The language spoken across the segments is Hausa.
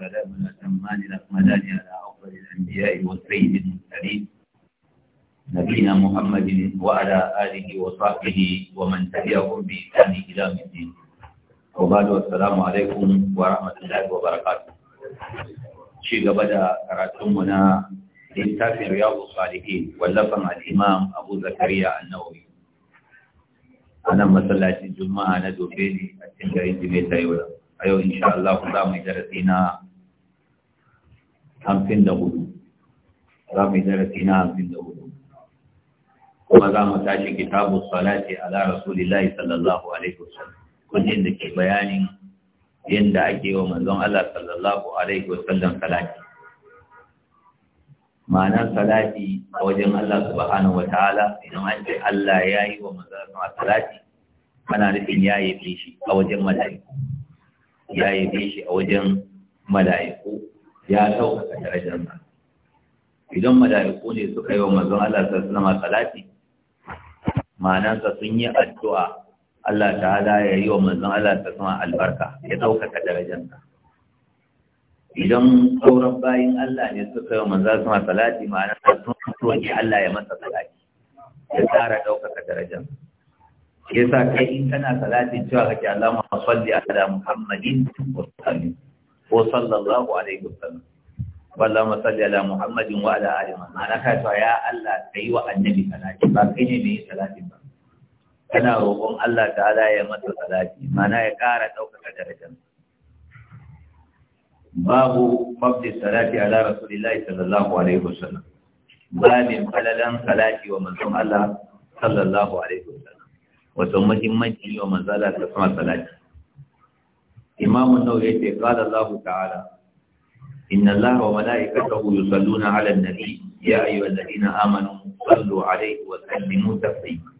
والسلام الأتمان الأكملان على أفضل الأنبياء والسيد المرسلين نبينا محمد وعلى آله وصحبه ومن تبعهم بإحسان إلى الدين وبعد والسلام عليكم ورحمة الله وبركاته شيء بدأ راتمنا للتافي رياض الصالحين واللفن الإمام أبو زكريا النووي أنا مسلاتي الجمعة ندو بيلي أتنجرين جميل تايولا أيوة إن شاء الله قدام درسينا hamsin da hudu za mu yi darasi na hamsin da hudu kuma za mu tashi kitabu salati ala rasulillahi sallallahu alaihi wasallam Kullum da ke bayanin yadda ake wa manzon Allah sallallahu alaihi wasallam salati ma'anar salati a wajen Allah subhanahu wa ta'ala idan an ce Allah ya yi wa manzon Allah salati ana nufin ya yi shi a wajen mala'iku ya yi shi a wajen mala'iku ya ɗaukaka darajarsa idan mala'iku ne suka yi wa manzon Allah sallallahu alaihi salati ma'anansa sun yi addu'a Allah ta hada ya yi wa manzon Allah sallallahu albarka ya ɗaukaka darajarsa idan sauran bayin Allah ne suka yi wa manzon Allah salati ma'anansa sun roƙi Allah ya masa salati ya tsara ɗaukaka darajarsa sa kai in kana salatin cewa kake Allahumma salli ala Muhammadin wa sallim ko sallallahu alaihi wasallam ma salli ala Muhammadin wa ala ali Muhammad ana ka ya Allah kai wa annabi salati ba kai ne mai salati ba kana roƙon Allah ta'ala ya masa salati mana ya ƙara ɗaukaka darajar babu fafdi salati ala rasulillahi sallallahu alaihi wasallam ne falalan salati wa manzon Allah sallallahu alaihi wasallam wato muhimmanci wa manzon Allah ta alaihi wasallam imamu nau'i yace qala Allah ta'ala إن الله وملائكته يصلون على النبي يا أيها الذين آمنوا صلوا عليه وسلموا تسليما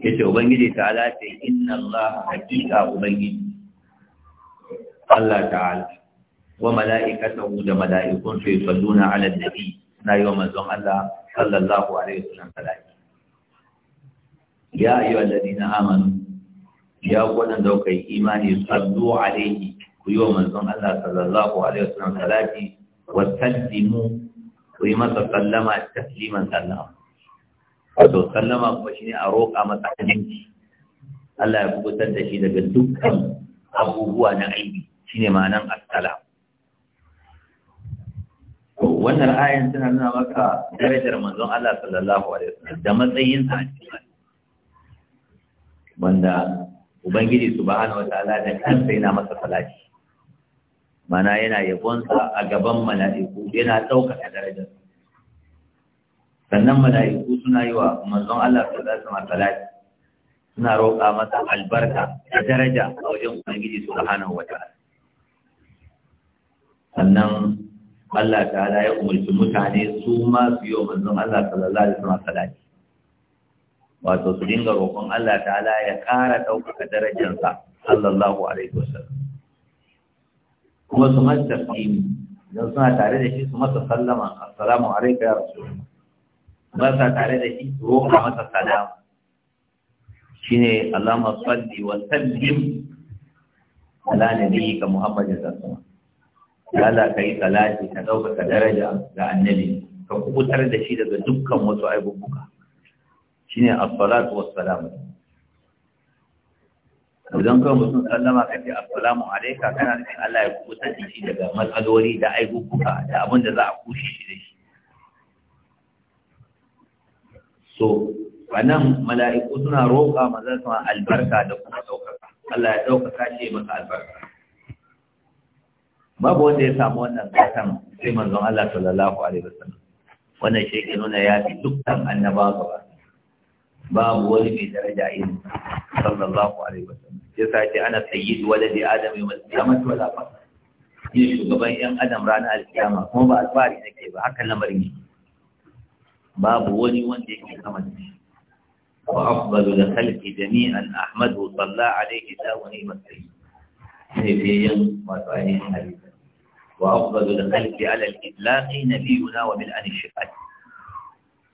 yace ubangiji ta'ala ce inna Allah hakika ubangiji Allah ta'ala wa mala'ikatahu da mala'ikun su yusalluna 'ala an-nabi na yi wa manzon Allah sallallahu alaihi wasallam salati ya ayyuhal ladina amanu ya wannan da kai imani sallu alaihi ku yi wa manzon Allah sallallahu alaihi wasallam salati wa sallimu ku yi masa sallama tasliman sallama wato sallama kuma shine a roƙa masa aminci Allah ya kubutar da shi daga dukkan abubuwa na aibi shine ma'anan assala wannan ayan tana nuna maka darajar manzon Allah sallallahu alaihi wasallam da matsayin sa wanda ubangiji subhanahu wataala da kansa yana masa salati mana yana yabonsa a gaban mala'iku yana ɗaukaka darajar sannan mala'iku suna yi wa manzon Allah su za su suna roƙa masa albarka da daraja a wajen ubangiji su da hannun wata sannan Allah ta ya umarci mutane su ma su yi wa manzon Allah sallallahu alaihi wasallam salati wato su dinga roƙon Allah ta'ala ya ƙara ɗaukaka darajarsa sallallahu alaihi wasallam kuma su masa taslimi idan suna tare da shi su masa sallama a a rai kayar su ba sa tare da shi su roƙa masa salama ne alama salli wa sallim ala nabiyyika Muhammadin sallallahu ya za ka yi salati ka ka daraja ga annabi ka kubutar da shi daga dukkan wasu aibubuka ne a salatu wasu salamu idan kawai mutum sallama ka ce assalamu alaika kana nufin Allah ya kubuta da shi daga matsaloli da aikukuka da abin da za a kushe shi da shi so wannan mala'iku suna roƙa manzon sama albarka da kuma ɗaukaka Allah ya ɗaukaka shi ya masa albarka babu wanda ya samu wannan gatan sai manzon Allah sallallahu alaihi wasallam wannan shi ke nuna ya fi dukkan annabawa babu wani mai daraja irin sallallahu alaihi wasallam ya sace ana sayyidu waladi adam yawm al-qiyamah wala fa ni shugaban yan adam rana al kuma ba alfari nake ba haka lamarin ne babu wani wanda yake kama da shi wa afdalu da khalqi jami'an ahmadu salla alayhi wa wani masai. sai biyan wato ainihin hadisi wa afdalu da khalqi ala al-itlaqi nabiyuna wa bil anishqat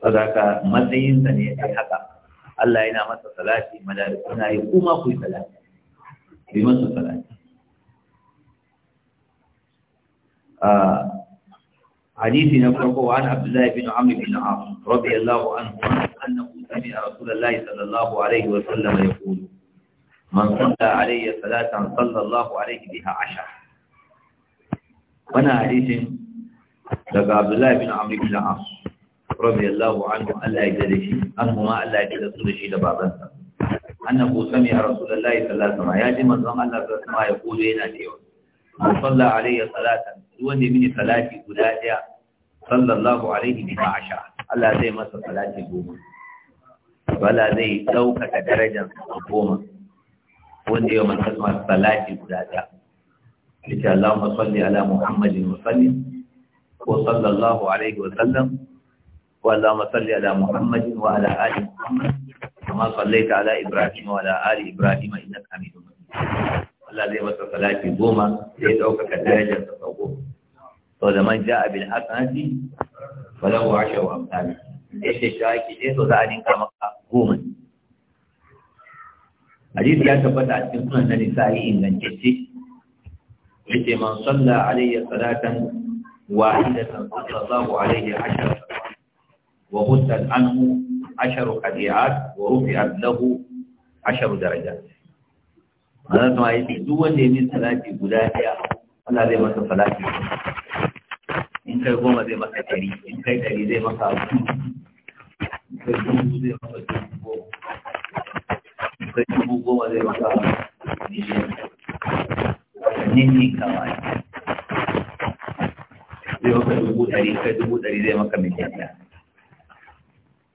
sadaka matsayin sa ne sai haka Allah yana masa salati mala'iku na yi kuma ku yi salati yi masa salati حديث نفرقه عن عبد الله بن عمرو بن عاص رضي الله عنه أنه سمع رسول الله صلى الله عليه وسلم يقول من صلى علي صلاة صلى الله عليه بها عشر وانا حديث لقى عبد الله بن عمرو بن عاص رضي الله عنه ألا يجلش أنهما ألا يجلس رشيد بابنسا annahu sami'a rasulullahi sallallahu alaihi wasallam ya ji manzon Allah sallallahu alaihi wasallam ya kula yana cewa man salla alayya salatan wanda mini salati guda daya sallallahu alaihi wa asha Allah zai masa salati goma wala zai ɗaukaka darajar goma wanda yau man salla salati guda daya yace Allahumma salli ala Muhammadin wa sallim wa sallallahu alaihi wa sallam wa Allahumma salli ala Muhammadin wa ala ali Muhammad كما صليت على إبراهيم وعلى آل إبراهيم إنك حميد مجيد الله زي وسط صلاة قوما زي دوك كدرجة تصوف من جاء بالحسنة فله عشر وأمثال إيش الشايك إيش وزعني آية كما قوما حديث يا ثبت عن سنة نسائي إن جئت جئت من صلى علي صلاة واحدة صلى الله عليه عشر وغسل عنه ashar qadi'at wa rufi'at lahu ashar darajat Allah ta yi duk wanda ya min salati guda daya Allah zai masa salati in kai goma zai masa dari in kai dari zai masa abu in kai dubu zai masa dubu in kai dubu goma zai masa miliyan ninnin kawai zai maka dubu dari kai dubu dari zai maka miliyan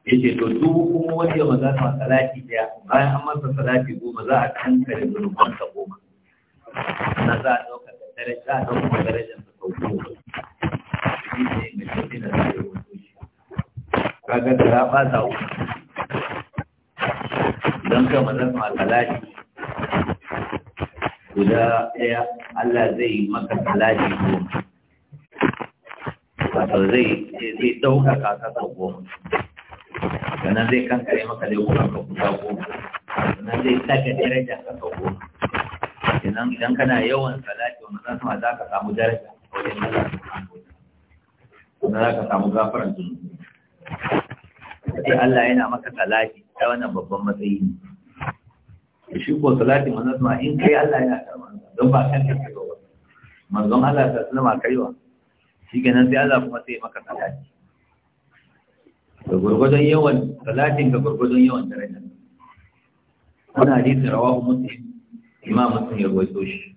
yace to duk kuma wanda ya su ta salati daya bayan an masa salati goma za a kankare zunuban sa goma na za a dauka da daraja za a dauka darajar sa sau goma shi ne mai tafi na zai wato shi kaga da ya fasa uku don ka maza ta salati guda ɗaya Allah zai maka salati goma wato zai ɗaukaka ka sau goma sannan zai kankare maka laifukan ka kusa goma sannan zai sake daraja ka sau goma sannan idan kana yawan salati wani zan sama za ka samu daraja wajen Allah wanda za ka samu gafaran zunubi sai Allah yana maka salati ta wannan babban matsayi ne shi ko salati manzon ma in kai Allah yana karɓa don ba kan ka kai ba manzon Allah ta sanama kaiwa shi kenan sai Allah kuma sai maka salati gurgurdon yawan talatin ga gurgurdon yawan daraja wani hadisi rawahu muslim imam muslim ya rawaito shi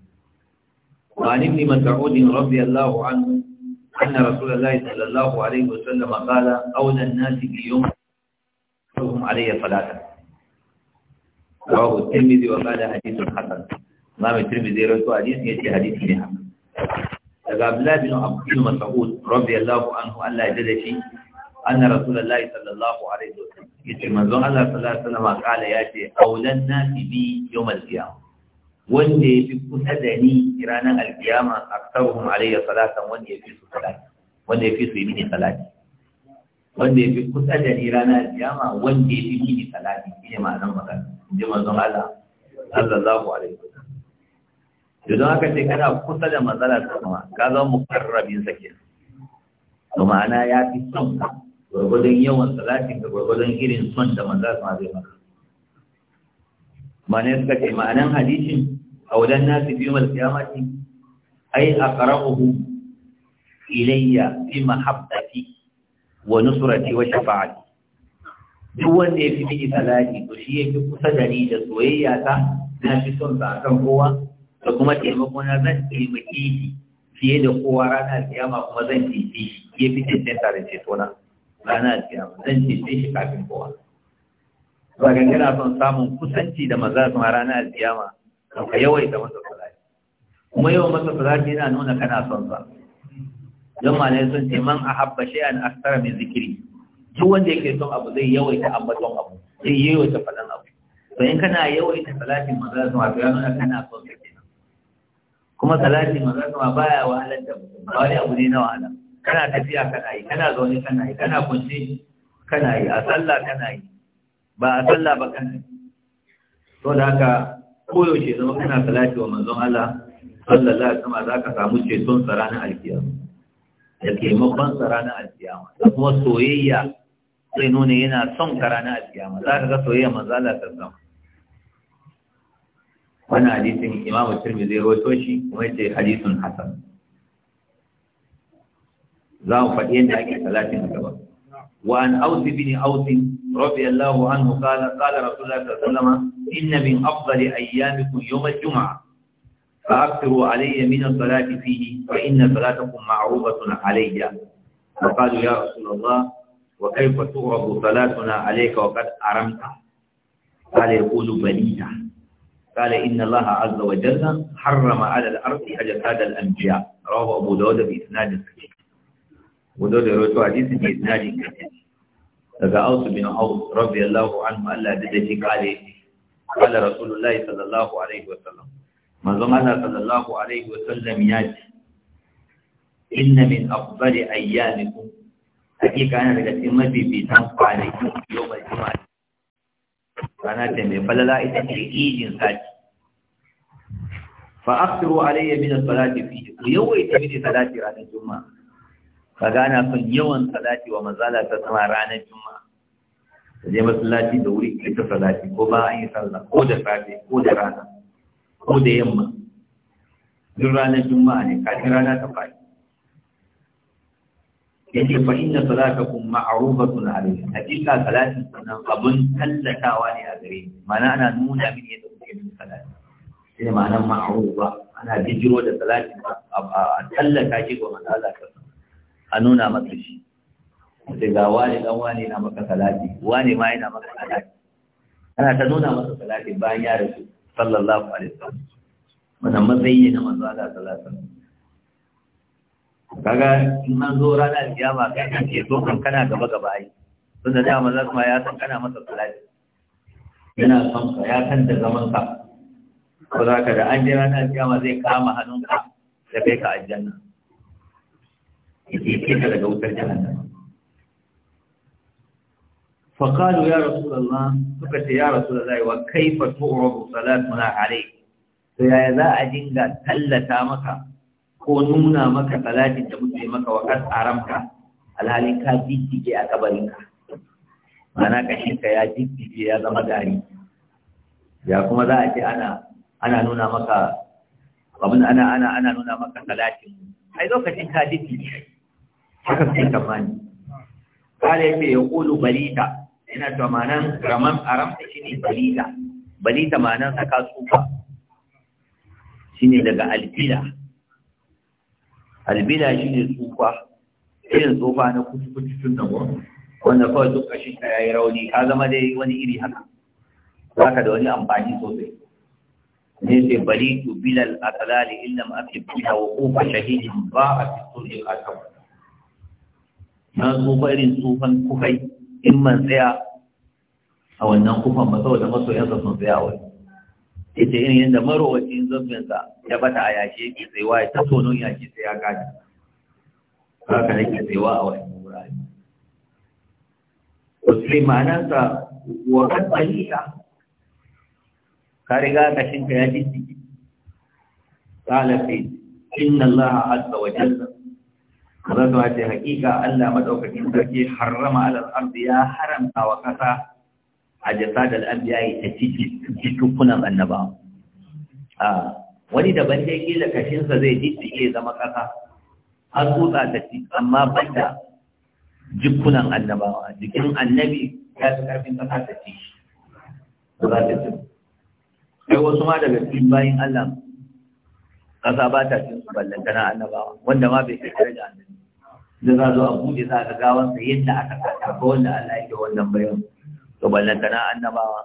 وعن ابن مسعود رضي الله عنه أن رسول الله صلى الله عليه وسلم قال أولى الناس في يوم يوم علي ثلاثة رواه الترمذي وقال حديث حسن إمام الترمذي رواه حديث يأتي حديث نعم أبو عبد الله بن عبد مسعود رضي الله عنه أن لا يجد شيء anna rasulullahi sallallahu alaihi sallallahu alaihi wasallam kala yace aulan nasi bi yawm al-qiyamah wanda yafi kusa da ni ranar al a aktaruhum alayya salatan wanda yafi su salati wanda su yi mini salati wanda yafi kusa da ni ranar al-qiyama wanda yafi mini salati shine ma'anar magana inji manzon Allah sallallahu alaihi wasallam idan aka ce kana kusa da manzala sama ka zama mukarrabin sa to ma'ana ya fi son ka gwargwadon yawan salatin da gwargwadon irin son da manza su haɗe maka ma'ana suka ce ma'anan hadishin? a wajen nasu biyu mal kiyamati ai a qara'uhu ilayya fi mahabbati wa nusrati wa shafa'ati duk wanda ya fi mini salati to shi yake kusa da ni da soyayya ta na fi son sa akan kowa da kuma taimako na zan taimake shi fiye da kowa ranar kiyama kuma zan tafi shi ya fi cancanta da cetona rana alkiyama zan ce sai shi kafin kowa ba ga kana son samun kusanci da maza su ma rana alkiyama don ka yawaita masa salati kuma yawan masa salati yana nuna kana son sa don ma ne sun ce man ahabba shay'an akthara min zikri duk wanda yake son abu zai yawaita ambaton abu zai ta fadan abu to in kana yawaita salati maza su ma to yana nuna kana son sa kuma salati maza su ma baya wahalar da mutum ba wani abu ne na wahala kana tafiya kana yi kana zaune kana yi kana kunce kana yi a sallah kana yi ba a sallah ba kana yi to da haka koyaushe zama kana salati wa manzon Allah sallallahu alaihi wasallam zaka ka samu ceton sa alkiya alkiyama da taimakon sa ranar alkiya da kuma soyayya sai nuna yana son ka alkiya za ka ga soyayya manzon Allah ta samu wannan hadisin imamu tirmidhi rawaito shi kuma yace hadisun hasan za mu faɗi yadda ake salatin a gaba wa رضي الله عنه قال قال رسول الله صلى الله عليه وسلم إن من أفضل أيامكم يوم الجمعة فأكثروا علي من الصلاة فيه فإن صلاتكم معروفه علي وقالوا يا رسول الله وكيف تعرض صلاتنا عليك وقد أرمت قال يقول بنيتا قال إن الله عز وجل حرم على الأرض أجساد الأنبياء رواه أبو داود بإسناد صحيح ودول يروتوا حديث بإسنادي إذا أوس بن أوس رضي الله عنه ألا دده قال قال رسول الله صلى الله عليه وسلم ما زمان صلى الله عليه وسلم ياج إن من أفضل أيامكم حقيقة أنا لقد إمتي في تنفع يوم الجمعة أنا تمي فلا لا إتنجي إيجي فأخبروا علي من الصلاة فيه ويوم إتنجي صلاة على الجمعة ka gana son yawan salati wa mazala ta sama ranar juma'a ka je masallaci da wuri ita ta salati ko ba an yi sallah ko da safe ko da rana ko da yamma duk ranar juma'a ne kafin rana ta fadi yake fa inna salatakum ma'rufatun alayhi hakika salati sannan abun tallatawa ne a gare ni mana ana nuna mini yadda kuke yin salati ne ma'anar ma'ruba ana bijiro da salati a tallata shi ga manzala ta a nuna masu shi sai ga wani dan wani na maka salati wani ma yana maka salati ana ta nuna masa salati bayan ya rasu sallallahu alaihi wasallam wannan matsayi ne na manzo Allah sallallahu alaihi wasallam kaga in an zo ranar kiyama kai kake so kan kana gaba gaba ai tunda da manzo kuma ya san kana masa salati yana son ka ya san da zaman ka ko za ka da an je ranar kiyama zai kama hannunka da kai ka aljanna dikikirnya daga wutar jahannama. Fakalu ya Rasulallah, suka ce ya Rasulallah, wa kaifa tu'rabu salatu na hare, to yaya za a dinga tallata maka ko nuna maka salatin da mutum maka wa kan aramka alhalin ka jijjige a kabarinka. Mana kashin ka ya jijjige ya zama gari. Ya kuma za a ce ana ana nuna maka abin ana ana ana nuna maka haka suke tsammani kala yace ya kulu balita yana ta ma'anan raman shi shine balita balita ma'anan saka tsufa shine daga albila albila shine tsufa irin tsufa na kutukutukun da wani wanda kawai duk kashin ya yayi rauni ka zama dai wani iri haka ka da wani amfani sosai ne sai bari tu bilal tsalali illam akib biha wa qufa shahidin ba a cikin al-qatam na tsufa irin tsufan kufai in man tsaya a wannan kufan ba saboda masoyansa sun tsaya wani ita irin yadda marowacin zambinsa ya bata a yashe ke tsayuwa ya taso nun yashe sai ya kaji haka ke tsayuwa a wani wurare sai ma'anarsa wa kan ta ka riga shinka ya ta ƙalafin inna allaha azza wa jalla Allah ta ce hakika Allah madaukakin sarki harrama alal ardi ya haramta wa kasa a jasadal anbiya ta ciki cikunan annaba a wani daban dai kila da sa zai ji jijjige zama kasa har tsutsa ta ci amma banda jikunan annabawa jikin annabi ya fi karfin kasa ta ci ba ta ci kai wasu ma daga cikin bayan Allah kasa ba ta cin su ballantana annabawa wanda ma bai kai da annabi da za zo a buɗe za ga gawansa yadda aka kata ko wanda Allah yake wannan bayan to na annabawa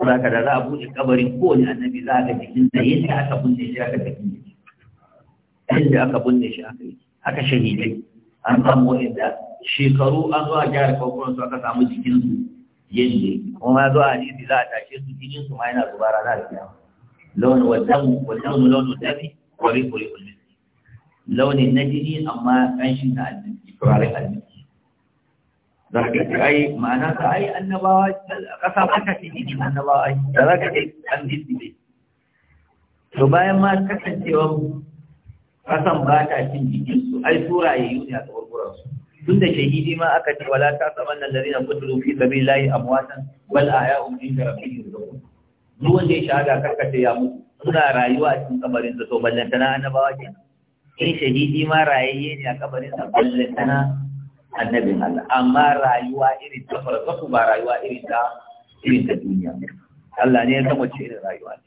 za ka da za a buɗe kabarin kowane annabi za ga jikinsa yadda aka bunne shi aka jikin yadda aka bunne shi aka yi aka shahidai an samu yadda shekaru an zo a gyara kwakwaron su aka samu jikinsu yadda kuma ya zo a hadisi za a tashe su jikinsu ma yana zuba rana da kiyama launin wa damu wa damu launin dafi wa rikuri kulmi launin na jini amma ƙanshin na almiki turaren almiki za ka ce ai ma'ana ka ai annabawa ƙasa aka ce jini annabawa ai da za ka ce an disney to bayan ma kasancewa ƙasan ba ta cin jikinsu ai tura ya yi ne a tsawarwarsu tun da shahidi ma aka ce wala ta saman nan lalina kuturu fi sabi layi amwatan wal aya umin da rabbi yurzaqun duk wanda ya shahada karkace ya mutu suna rayuwa a cikin kabarin da to ballantana annabawa kenan in shahidi ma rayayye ne a kabarin sa balle sana annabin Allah amma rayuwa irin ta farko ba rayuwa irin ta irin ta duniya Allah ne ya san wace irin rayuwa ne.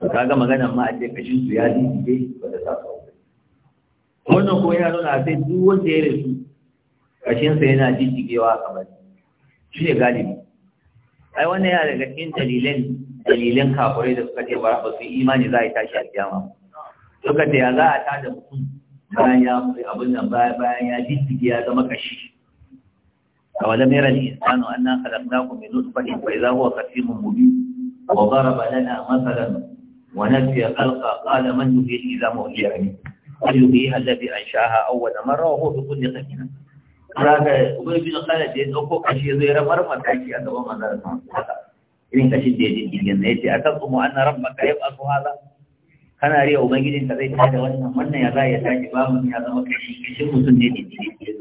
to kaga maganar ma a ce kashin su ya dinke ba da saka wannan ko ya nuna sai duk wanda ya rasu kashin sa yana jijjigewa kamar shi ne galibi ai wannan ya daga cikin dalilan dalilan kafirai da suka ce ba su imani za a yi tashi a kiyama suka ya za a tada mutum bayan ya abin nan bayan ya jijjige ya zama kashi a wajen mera ne insano an nan kalafta ku mai nutfaɗi bai za kuwa huwa kasimun mubi wa zaraba lana masalan wa nasiya kalka kala man yuhi shi za mu wuce ne an yuhi hallabi an shaha awwala mara wa hudu kulle Na zaka ubai bin kala da ya dauko kashi zai rabar mataki a gaban manzara sama irin kashin da ya jijjige ne ya ce a akan kuma an na rabba ka ba su hada kana riya ubangijin ka zai ta da wannan wannan ya zai ya tashi ba mu ya zama kashi kashi mutum ne ne ne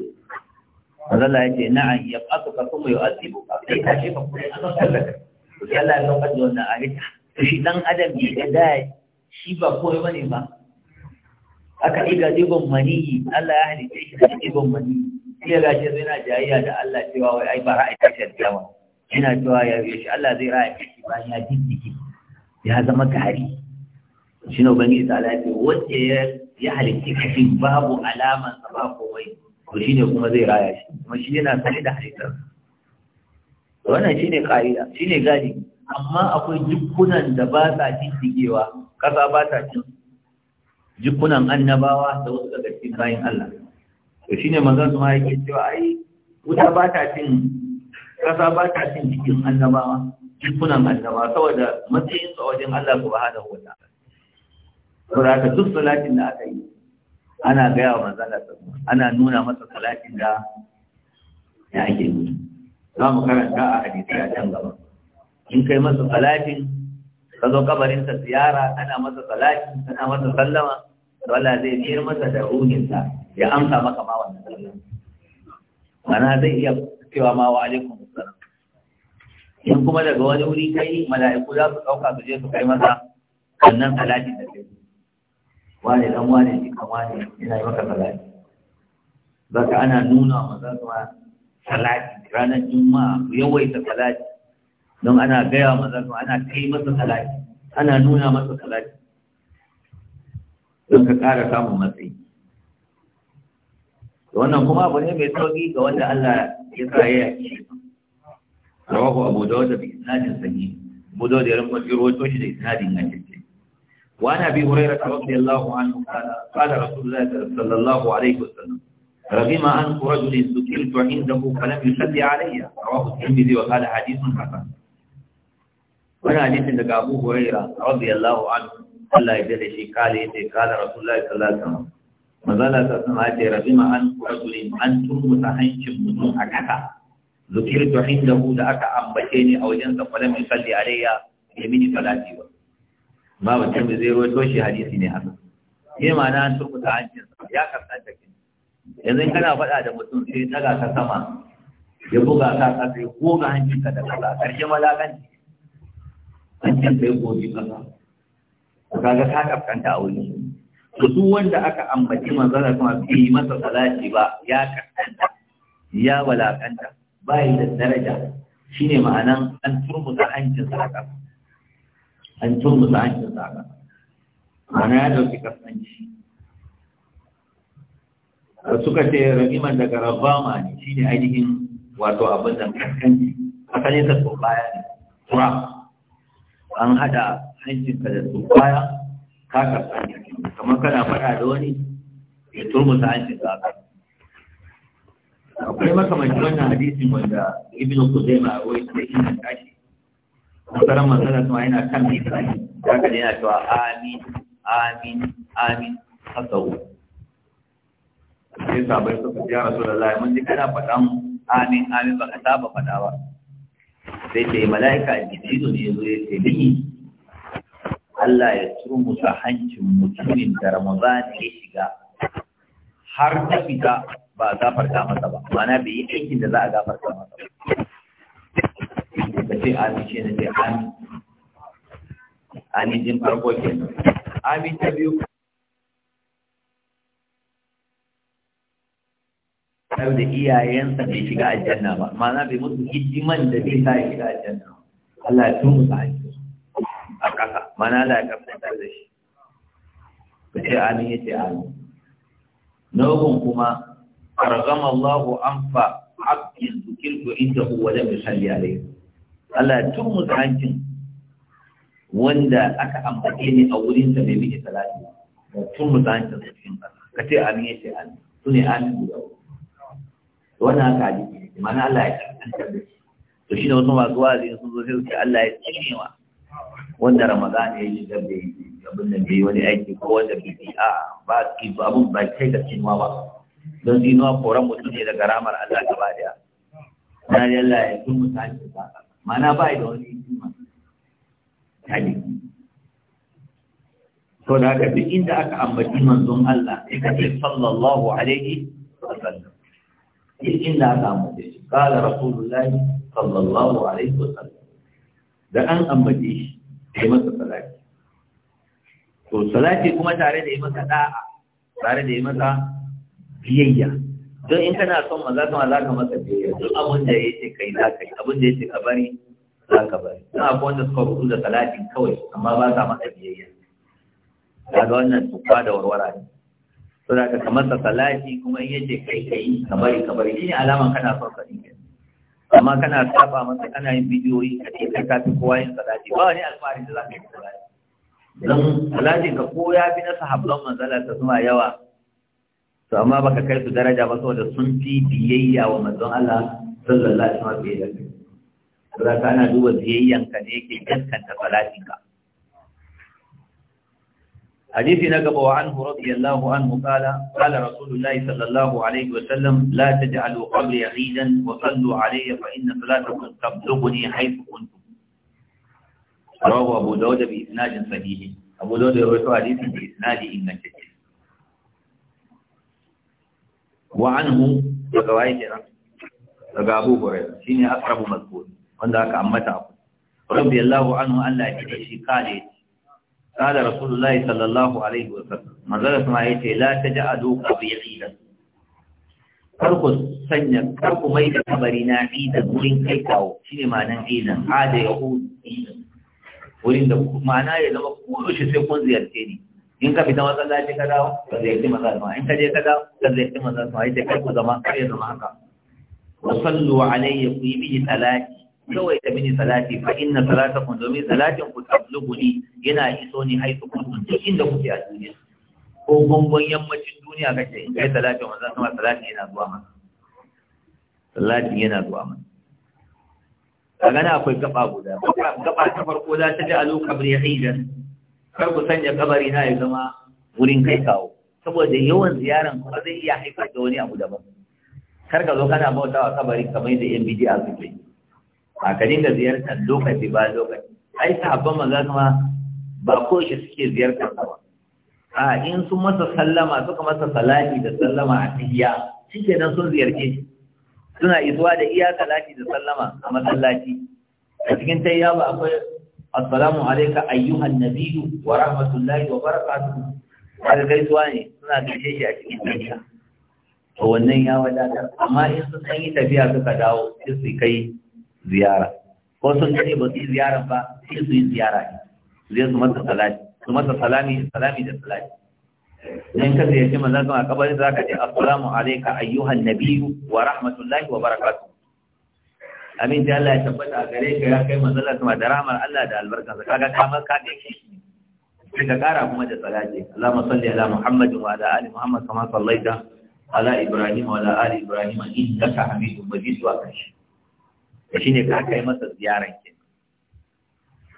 Allah ya ce na'an ya fasu ka kuma ya azibu ka kai ka ce ka kuma ya sallaka to sai Allah ya saukar da wannan ayata to shi dan adam ne da da shi ba ba ne ba aka yi ga digon maniyi Allah ya halitta shi da digon maniyi sai ga shi zai na jayayya da Allah cewa wai ai ba ra'ayi ta shi da yawa yana cewa ya yi shi Allah zai ra'ayi shi bayan ya jijjiki ya zama gari shi ne ubangiji ta alaƙi wanda ya halitti kafin babu alaman sa ba komai to shi ne kuma zai raya shi kuma shi yana sani da halittar wannan shi ne ƙa'ida shi ne gadi amma akwai jikunan da ba sa cin digewa ƙasa ba sa cin jikunan annabawa da wasu daga cikin bayan Allah to shine manzon su ma yake cewa ai wuta ba ta cin ƙasa ba ta cin cikin annabawa jikunan annabawa saboda matsayin su a wajen Allah subhanahu wa ta'ala saboda duk salatin da aka yi ana gaya wa manzala ana nuna masa salatin da ya ake yi za mu karanta a hadisi a can gaba in kai masa salatin ka zo kabarinsa ziyara ana masa salatin ana masa sallama wala zai biyar masa da ruhinsa ya amsa maka ma wannan sallama mana zai iya cewa ma wa alaikum assalam in kuma daga wani wuri kai mala'iku za su ɗauka su je su kai masa wannan salatin da kai wane dan wane jikan wane ina yi maka salati zaka ana nuna wa ma salati ranar juma'a yawaita salati don ana gaya wa mazan ana kai masa salati ana nuna masa salati don ka ƙara samun matsayi wannan kuma abu ne mai sauƙi ga wanda Allah ya sa ya yaki rawahu abu dawud bi isnadin sahih abu dawud ya rubuta rawaito shi da isnadin nan وعن أبي هريرة رضي الله عنه قال قال رسول الله صلى الله عليه وسلم رغم أنف رجل ذكرت عنده فلم يصلي علي رواه الترمذي وقال حديث حسن وانا حديث عند أبو هريرة رضي الله عنه الله يجزي شيء قال قال رسول الله صلى الله عليه وسلم mazala ta sama ce rabi ma an kurajulin an turmuta hancin mutum a kasa zukirtu indahu da aka ambace ni a wajen sa kwale mai salli alayya ya mini salati ba Babu ba tirmi zai ruwa toshe hadisi ne haka shi ma na ta hancin ya karɓar da ke yanzu kana faɗa da mutum sai daga ka sama ya buga ka ƙasa ya goga ka da ƙasa ƙarshe malakanci hancin ka ya goge ƙasa ka kaga ka kaskanta a wuri to duk wanda aka ambaci manzara kuma bai yi masa salati ba ya kaskanta ya walakanta ba yi da daraja shine ma'anan an turmuta hancin sa a ƙasa an turmusa hancin sa haka ana ya dauki kasance suka ce ragiman daga rabama ne shi ne ainihin wato abin da kaskanci asalin sa baya ne tura an hada hancinka da baya ka kasance kamar kana faɗa da wani ya turmusa hancin sa haka akwai makamashi wannan hadisin wanda ibn kuzaima wai ta na tashi. kusuran manzana suna yana kan mai tsari ta kan yana cewa amin amin amin hasawu sai sabai suka ji rasu da zai mun ji kana faɗan amin amin baka saba faɗa ba sai ce mala'ika jibrilu ne zo ya ce bihi Allah ya musa hancin mutumin da Ramazan ya shiga har ta fita ba a gafarta masa ba, mana bai yi aikin da za a gafarta masa ba. ka ce amin shi ne sai amin amin din farko ke amin ta biyu har da iyayensa bai shiga aljanna ba ma'ana bai mutu hidiman da zai sa ya shiga aljanna Allah ya tumu sa a ƙasa mana Allah ya kafa da shi ka ce amin ya ce amin na hukun kuma kargama Allah an fa abin zukirku inda huwa lam yusalli alaihi Allah tun musu wanda aka ambace ni a wurin sa bai miki salati tun musu hancin su cikin ƙasa ka ce amin ya ce amin su ne amin guda wannan haka hadisi mana Allah ya karɓantar da shi to shi ne wasu masu wa'azi sun zo sai su ce Allah ya tsinewa wanda Ramadan ya yi shigar da abin da bai wani aiki ko wanda bai yi a ba ki Abin ba kai da cinuwa ba don zinuwa koran mutum ne daga ramar Allah gaba bada. na yalla ya tun mutane da ba mana ba da wani hikima tali to da haka duk inda aka ambaci manzon Allah sai ka ce sallallahu alaihi wa sallam duk inda aka ambaci shi qala rasulullahi sallallahu alaihi wa sallam da an ambaci shi sai masa salati to salati kuma tare da yi masa da'a tare da yi masa biyayya don in kana son ma za ka ma za ka masa duk abin da ya ce kai za ka yi abin da ya ce ka bari za ka bari don akwai wanda suka rubu da talatin kawai amma ba sa masa biyayya ga wannan tukwa da warwara ne so da ka masa salati kuma in yace kai kai ka bari ka bari shine alaman kana son ka ne amma kana saba masa kana yin bidiyoyi ka ce kai ka fi kowa yin salati ba wani alfahari da za ka yi salati don salati ka koya bi fi na sahabban manzala ta zuma yawa to amma baka kai su daraja ba saboda sun fi biyayya wa manzon Allah sallallahu alaihi wasallam biyayya saboda kana duba biyayyanka ne yake gaskanta salatinka حديث نقب عنه رضي الله عنه قال قال رسول الله صلى الله عليه وسلم لا تجعلوا قبري عيدا وصلوا علي فإن صلاتكم تبلغني حيث كنتم رواه أبو داود بإسناد صحيح أبو داود رواه حديث بإسناد إن كثير wa anhu daga waye kenan daga Abu Hurairah shine aqrabu mazkur wanda aka ammata abu allah anhu Allah ya ji shi kale قال rasulullahi sallallahu alaihi wa sallam وسلم sama yace ce la ta ji farko karku sanya karku mai da kabari na ida wurin kai kawo shine ne ma'anin idan a da yahudu wurin da ma'ana ya zama shi sai kun ziyarce ni in ka fita masallaci ka dawo ka zai ci zama in ka je ka dawo ka zai ci zama sai kai ku zama kar ya zama haka wa sallu alayya ku yi bihi salati kawai ka mini salati fa inna kun domin salatin ku tablughuni yana iso ni kun kuntum duk inda kuke a duniya ko gungun yammacin duniya kace in kai salatin manzon sama salatin yana zuwa maka salatin yana zuwa maka a gana akwai gaba guda gaba ta farko za ta ji lokacin ya hijira kar ku sanya kabari na ya zama wurin kai kawo saboda yawan ziyaran kuma zai iya haifar da wani abu daban kar ka zo kana bauta wa kabari kamar yadda yan bidiya suke ba ka dinga ziyartar lokaci ba lokaci ai sahabban maza kuma ba ko shi suke ziyartar ba a in sun masa sallama suka masa salati da sallama a tihiya shike nan sun ziyarce suna isuwa da iya salati da sallama a masallaci a cikin tayya ba akwai assalamu alayka ayyuhan nabiyyu wa rahmatullahi wa barakatuh har gaisuwa ne suna gaishe shi a cikin tafiya to wannan ya wadatar amma in sun san yi tafiya suka dawo sai su kai ziyara ko sun gane ba su yi ziyara ba sai su yi ziyara ne su je su masa salati su masa salami salami da salati dan ka ziyarci manzon Allah kabarin ka ce assalamu alayka ayyuhan nabiyyu wa rahmatullahi wa barakatuh amin da Allah ya tabbata a gare ka ya kai manzalar sama da rahmar Allah da albarkansa kaga kamar ka kai shi sai ka kara kuma da salati Allahumma salli ala Muhammadin wa ala ali Muhammad kama sallaita ala Ibrahim wa ala ali Ibrahim innaka Hamidum Majid wa kashi shine ka kai masa ziyaran ke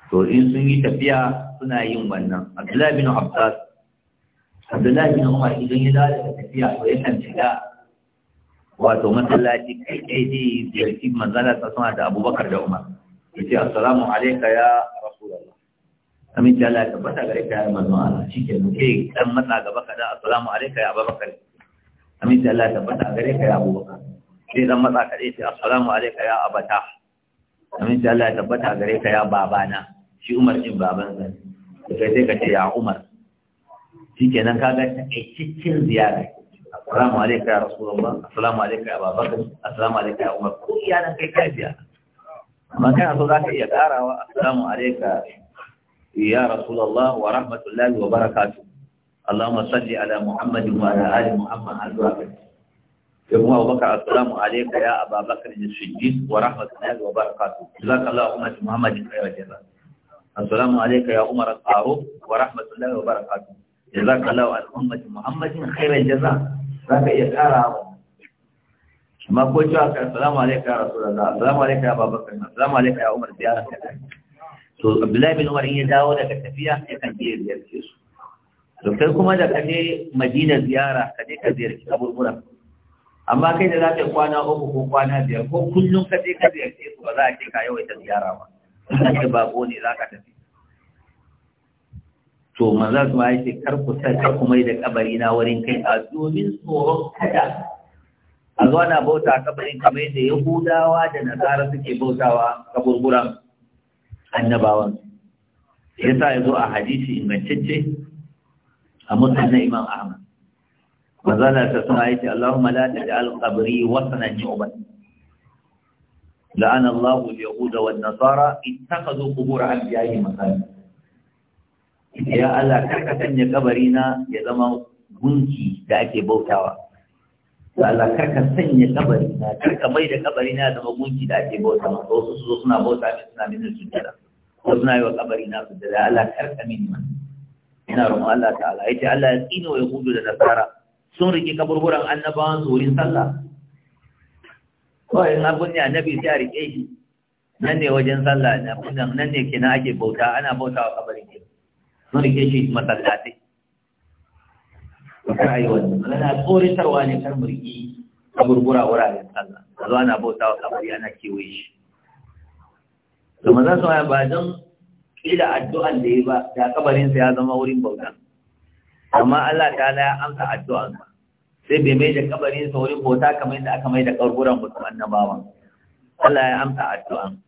to in sun yi tafiya suna yin wannan Abdullahi bin Abbas Abdullahi bin Umar idan ya dawo daga tafiya to yakan shiga wato masallaci kai ji ziyarci manzala ta suna da abubakar da umar yace assalamu alaika ya rasulullah amin jalla ka tabbata gare ka ya manzo Allah shi ke nuke dan matsa gaba da assalamu alaika ya abubakar amin jalla ka tabbata gare ka ya abubakar sai dan matsa kada ce assalamu alaika ya abata amin jalla ka tabbata gare ka ya babana shi umar din baban sa kai sai ka ce ya umar shikenan kaga ta kai cikin ziyara Assalamu ya Rasulullah, assalamu ya Babakar, assalamu ya Umar. Ku iya nan kai kai biya. Amma kana so za ka iya karawa assalamu ya Rasulullah wa rahmatullahi wa barakatuh. Allahumma salli ala Muhammad wa ala ali Muhammad har zuwa kuma Abubakar assalamu ya Ababakar da wa rahmatullahi wa barakatuh. Jazakallahu wa ummati Muhammad khairan jaza. Assalamu alaikum ya Umar al-Faruq wa rahmatullahi wa barakatuh. Jazakallahu wa ummati Muhammad khairan jaza. zaka iya kara hawa amma ko ji aka salamu alaikum ya rasulullah salamu alaikum ya babakar salamu alaikum ya umar ziyara to abdullahi bin umar in ya dawo daga tafiya ya kan je ziyarce su to kai kuma da ka je madina ziyara ka je ka ziyarci abubuwa, amma kai da za kwana uku ko kwana biyar ko kullum ka je ka ziyarci su ba za a kai ka ta ziyara ba ba ce ne za ka tafi to maza su ma yace kar ta kar ku mai da kabari na wurin kai a domin tsoron kada a zo ana bauta kabarin kamar yadda yahudawa da nasara suke bautawa kaburburan annabawan sa ya zo a hadisi ingantacce a musulun na imam ahmad maza na ta suna yace allahumma la Da qabri wasanan yu'bad la'ana allah yahuda wan nasara ittakhadhu qubur anbiya'ihim masaajid ya Allah kar ka sanya kabari na ya zama gunki da ake bautawa ya Allah kar ka sanya kabari na kar ka mai da kabari na ya zama gunki da ake bautawa to su su suna bauta ne suna mini sujjada ko suna yi wa kabari na sujjada da Allah kar ka mini man ina roƙon Allah ta'ala yace Allah ya tsine wa hudu da nasara sun rike kaburburan annabawan su wurin sallah kawai in abun ne annabi sai a rike shi nan ne wajen sallah nan ne kenan ake bauta ana bauta wa kabarin kenan sun ke shi masallatai kar a yi na ana tsoritarwa ne kar mu a gurgura wuraren sallah da zuwa na bauta wa kamar yana kewaye shi to maza su ba don ƙila addu'an da ya ba da kabarinsa ya zama wurin bauta amma Allah ta ya amsa addu'ansa sai bai mai da kabarinsa wurin bauta kamar yadda aka mai da kaburburan mutum annabawan Allah ya amsa addu'an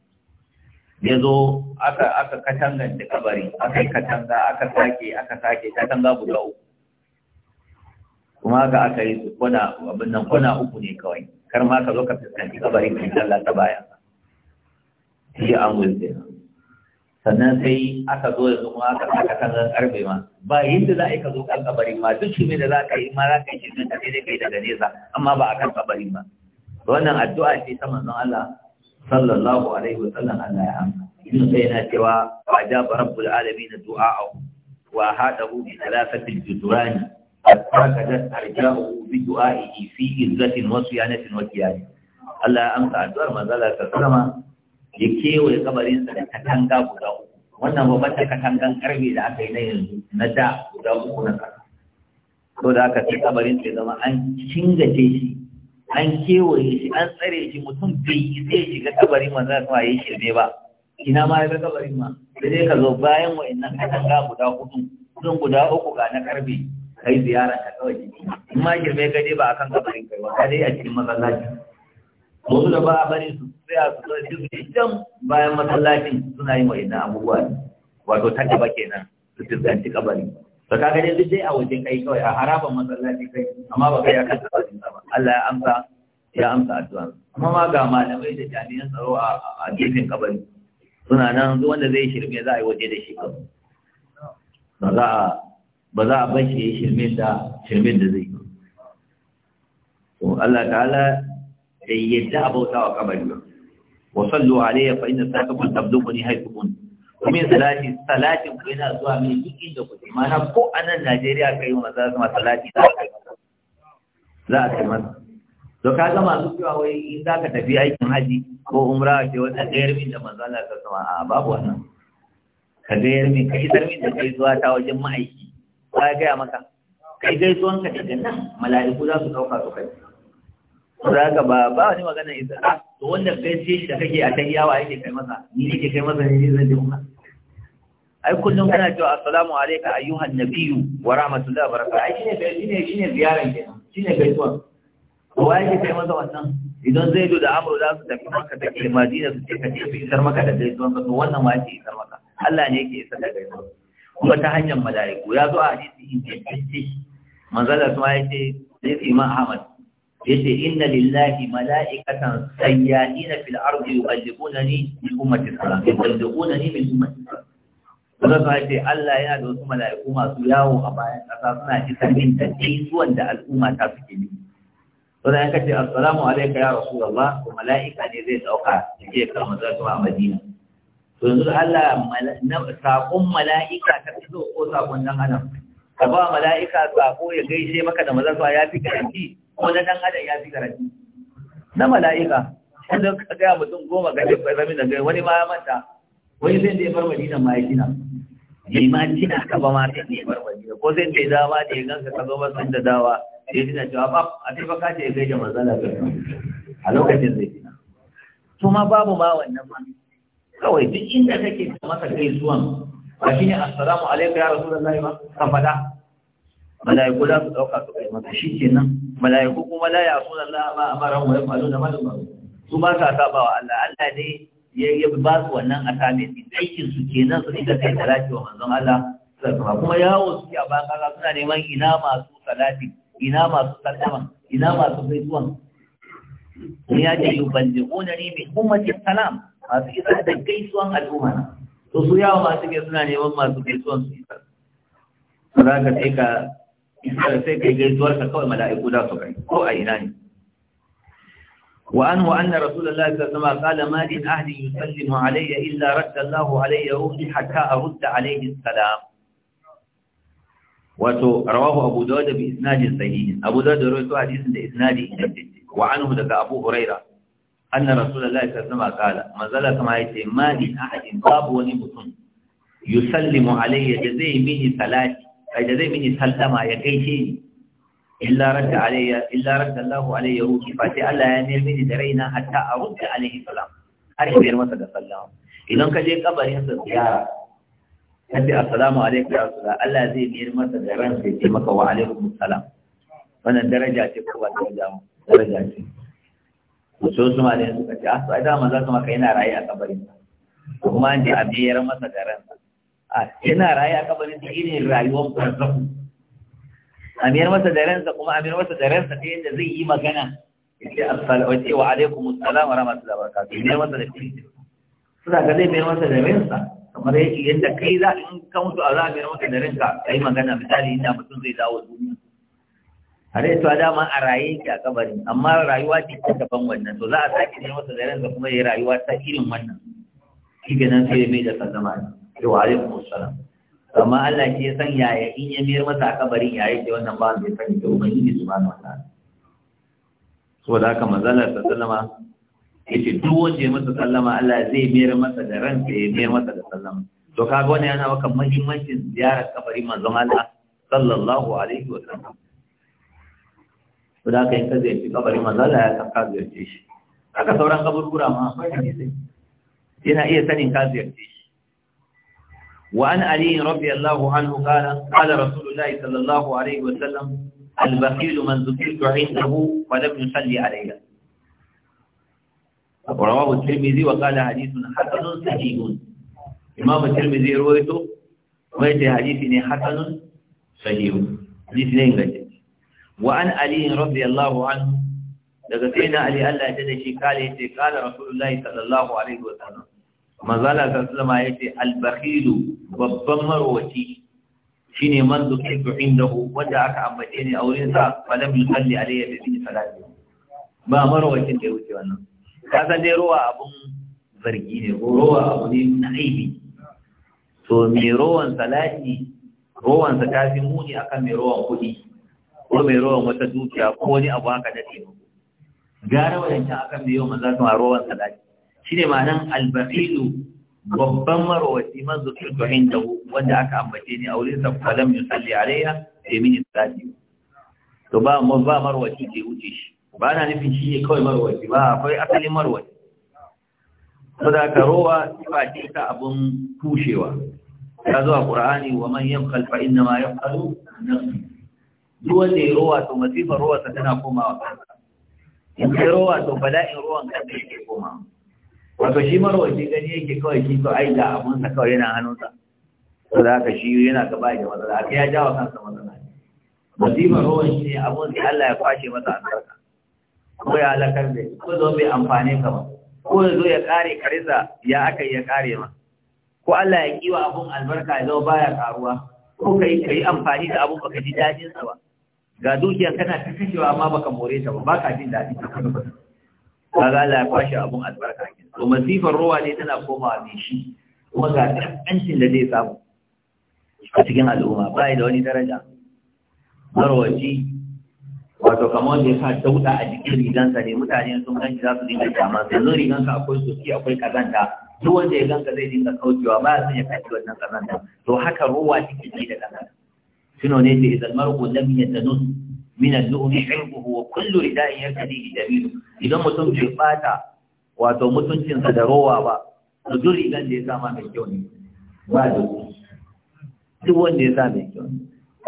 ya zo aka aka katanganta kabari aka katanga aka sake aka sake katanga guda uku kuma haka aka yi su kona abin nan kona uku ne kawai kar ma ka zo ka fuskanci kabarin kai Allah ta baya shi an wuce sannan sai aka zo yanzu kuma aka aka tangan karbe ma ba yadda za a yi ka zo kan kabarin ma duk shi da za ka yi ma za ka yi shi ne, da kai daga nesa amma ba a kan kabarin ba wannan addu'a ce ta manzon Allah sallallahu alaihi wasallam Allah ya amsa ibn sai na cewa ajaba rabbul alamin du'a'ahu wa hadahu bi thalathati juduran fakadat arja'uhu bi du'a'ihi fi izzatin wa siyanatin wa qiyamin Allah ya amsa addu'ar manzala ta sallama ya kewaye kabarinsa da katanga guda uku wannan babban da katangan karfe da aka yi na yanzu na da guda uku na kasa to da aka sai kabarin sai zama an cingace shi an kewaye shi an tsare shi mutum bai zai shiga kabarin manzo kuma yi shirme ba ina ma ya kabarin ma sai dai ka zo bayan wayannan katanga guda hudu sun guda uku ga na karbe kai ziyara ta kawai in ma shirme ka dai ba kan kabarin kai ba ka dai a cikin masallaci wasu da ba a bari su sai a su zai su can bayan masallacin suna yin wa'annan abubuwa wato ta kenan su fuskanci kabari to ka gane duk dai a waje kai kawai a haraban masallaci kai amma ba kai akan tsarin ba Allah ya amsa ya amsa addu'an amma ma ga malamai da jami'an tsaro a gefen kabari suna nan duk wanda zai shirme za a yi waje da shi kawai ba za a ba za a bar shi ya shirme da shirmen da zai yi Allah ta'ala da yadda abauta wa kabari ba wa sallu alayya fa inna sakakum tabduquni haythu kuntum min salati salatin ku yana zuwa mai duk inda ku mana ko a nan Najeriya kai maza zama salati za a za a kai masa to ka ga su cewa wai in za ka tafi aikin haji ko umra ce wata ɗayar min da manzo Allah ta sama a babu wannan ka ɗayar min ka isar min da kai zuwa ta wajen ma'aiki ya gaya maka kai gaisuwanka daga nan mala'iku za su ɗauka su kai za ka ba ba wani magana isa a to wanda kai ce da kake a kai yawa yake kai masa ni yake kai masa ne zan zai masa ai kullum kana cewa assalamu alayka ayyuhan nabiyyu wa rahmatullahi wa barakatuh ai shine shine shine ziyaran kenan shine gaisuwa to wai yake kai masa wannan idan zai do da amru za su tafi maka da ke madina su ce ka bi sar isar maka da gaisuwan ka to wannan ma yake isar maka Allah ne yake isar da gaisuwa kuma ta hanyar mala'iku ya zo a hadisi ingantacce manzala su ma yace zai fi ma Ahmad yace inna lillahi mala'ikatan sayyina fil ardi yuqallibunani min ummati salam yuqallibunani min ummati salam kuma ba Allah yana da wasu mala'iku masu yawo a bayan kasa, suna isar min da zuwan da al'umma ta suke bi to da kace assalamu alayka ya rasulullah ko mala'ika ne zai dauka yake kalma za ta Madina to yanzu Allah na sakon mala'ika ta zo ko sakon nan adam ka ba mala'ika sako ya gaishe maka da mazafa ya fi karanci ko na dan adam ya fi karatu na mala'ika wanda ka gaya mutum goma ga jefa zami da gai wani ma ya manta wani zai zai bar madina ma ya gina liman ka ba ma sai zai bar madina ko zai zai dawa da ya ganka ka zo ba sun da dawa ya gina cewa ba a tafi ka ce ya gaida manzala ka a lokacin zai gina to ma babu ma wannan ma kawai duk inda kake masa kai zuwan ba ne assalamu alaikum ya rasu ba kan fada mala'iku za su ɗauka su kai maka shi kenan mala'iku kuma la ya suna Allah ma amara wa yafalu na malu su ba sa saba wa Allah Allah ne ya ya ba su wannan asamin din aikin su kenan su dinga kai salati wa manzon Allah sallallahu kuma yawo suke a bayan Allah suna neman ina masu salati ina masu sallama ina masu gaisuwan ni ya ce yuballighuna ni min ummati salam masu isa da gaisuwan al'umma to su yawa masu ke suna neman masu gaisuwan su isa za ka sai ka misali sai kai gaisuwar ka kawai mala'iku za su kai ko a ina ne wa an wa anna rasulullahi sallallahu alaihi wasallam qala ma in ahli yusallimu alayya illa radda Allahu alayya ruhi hatta arudda alayhi salam wato rawahu abu dawud bi isnadin sahih abu dawud rawaito hadisin da isnadi ingantacce wa daga abu huraira anna rasulullahi sallallahu in ahadin babu wani mutum yusallimu alayya da zai mini salati ai da zai mini sallama ya kai shi illa radda alayya illa radda Allahu alayya ruhi fa sai Allah ya nemi mini da raina hatta a rudda alayhi salam har ya masa da sallama idan ka je kabarin sa ziyara ka ce assalamu alaikum ya rasulullah Allah zai miyar masa da ran sai ce maka wa alaikum salam wannan daraja ce ko ba daraja daraja ce so su ma ne suka ce a ah, su ai dama za su maka yana raye a kabarin sa kuma an je a biyar masa da ransa a yana raya kabarin da irin rayuwar barzahu amir masa da ransa kuma amir masa da ransa ta yadda zai yi magana yace assalamu wace wa alaikum assalam wa rahmatullahi wa barakatuh amir masa da kirin suna ga zai bayar masa da ransa kamar yake yadda kai za in ka mutu a za a masa da ranka kai magana misali inda mutum zai dawo duniya A yi ta dama a raye ki a kabarin amma rayuwa ce ta daban wannan to za a sake ne masa da ransa kuma ya rayuwa ta irin wannan shi ganin sai mai da sallama cewa alaikum assalam amma Allah ke san yaya in ya miyar masa kabarin yayi ce wannan ba zai sani ta ubangiji subhanahu wataala da haka manzala da sallama yace duk wanda ya masa sallama Allah zai miyar masa da ransa ya miyar masa da sallama to kaga wannan yana maka muhimmancin ziyarar kabarin manzon Allah sallallahu alaihi wa sallam saboda haka in ka ziyarci kabarin manzon Allah ya san ka ziyarce shi haka sauran kaburbura ma akwai hadisi yana iya sanin ka ziyarce shi وعن علي رضي الله عنه قال قال رسول الله صلى الله عليه وسلم البخيل من ذكرت عنده فلم يصلي علي رواه الترمذي وقال حديث حسن صحيح امام الترمذي رويته ويت حديث حسن صحيح حديث نين وعن علي رضي الله عنه daga sai na Ali Allah ya tada shi kale yace kala Rasulullahi sallallahu alaihi wa sallam Mazala manzala ta zama ya ce albakhilu babban marwaci shine man zukitu indahu wanda aka ambace ne a wurin sa falam a alayya da bi salati ba marwacin da wuce wannan ka san dai rowa abun zargi ne ko rowa abu ne na aibi to mai rowan salati rowan sa ta fi muni akan mai rowan kuɗi ko mai rowan wata dukiya ko wani abu haka na taimako gara wadancan akan mai yawan manzala rowan salati Shi ma nan albafilu babban marwaci man zukirtu da wanda aka ambace ne a wurin sa salli a alaiha sai mini istati to ba mu ba marwaci ke wuce shi ba na nufin shi ne kawai marwaci ba akwai asalin marwaci da ka rowa ba ce ta abun kushewa ta zuwa qur'ani wa man yabqal fa inna ma yabqalu nafsi Su wanda ya rowa to masifar rowa ta tana komawa kansa in rowa to bala'in rowan kansa yake komawa wato shi marwaci gani yake kawai shi ko aika da abunsa kawai yana hannunsa to da haka shi yana gaba da matsala haka ya jawo kansa matsala musibar ruwan shi ne abun sai Allah ya kwashe masa albarka ko ya halakar da ko zo bai amfane ka ba ko ya zo ya kare karisa ya aka ya kare ma ko Allah ya kiwa abun albarka ya zama baya karuwa ko kai kai amfani da abun baka ji dadin sa ba ga dukiyar kana ta kashewa amma baka more ta ba baka jin dadin ta kuma kaga Allah ya kwashe abun albarka kenan to masifar ruwa ne tana komawa mai shi kuma ga da zai samu a cikin al'umma ba da wani daraja marwaci wato kamar wanda ya sa dauda a jikin rigansa ne mutane sun ganci za su dinga kyamar sannan riganka akwai soki akwai kazanta duk wanda ya ganka zai dinga kaucewa ba ya sanya kaci wannan kazanta to haka ruwa cikin ne da kazanta sino ne da idan marko lam yatanus min al-lu'm hirbuhu wa kullu rida'in yartadihi jamilu idan mutum bai bata wato mutuncinsa da rowa ba to duk rigan da ya sama mai kyau ne ba duk duk wanda ya sa mai kyau ne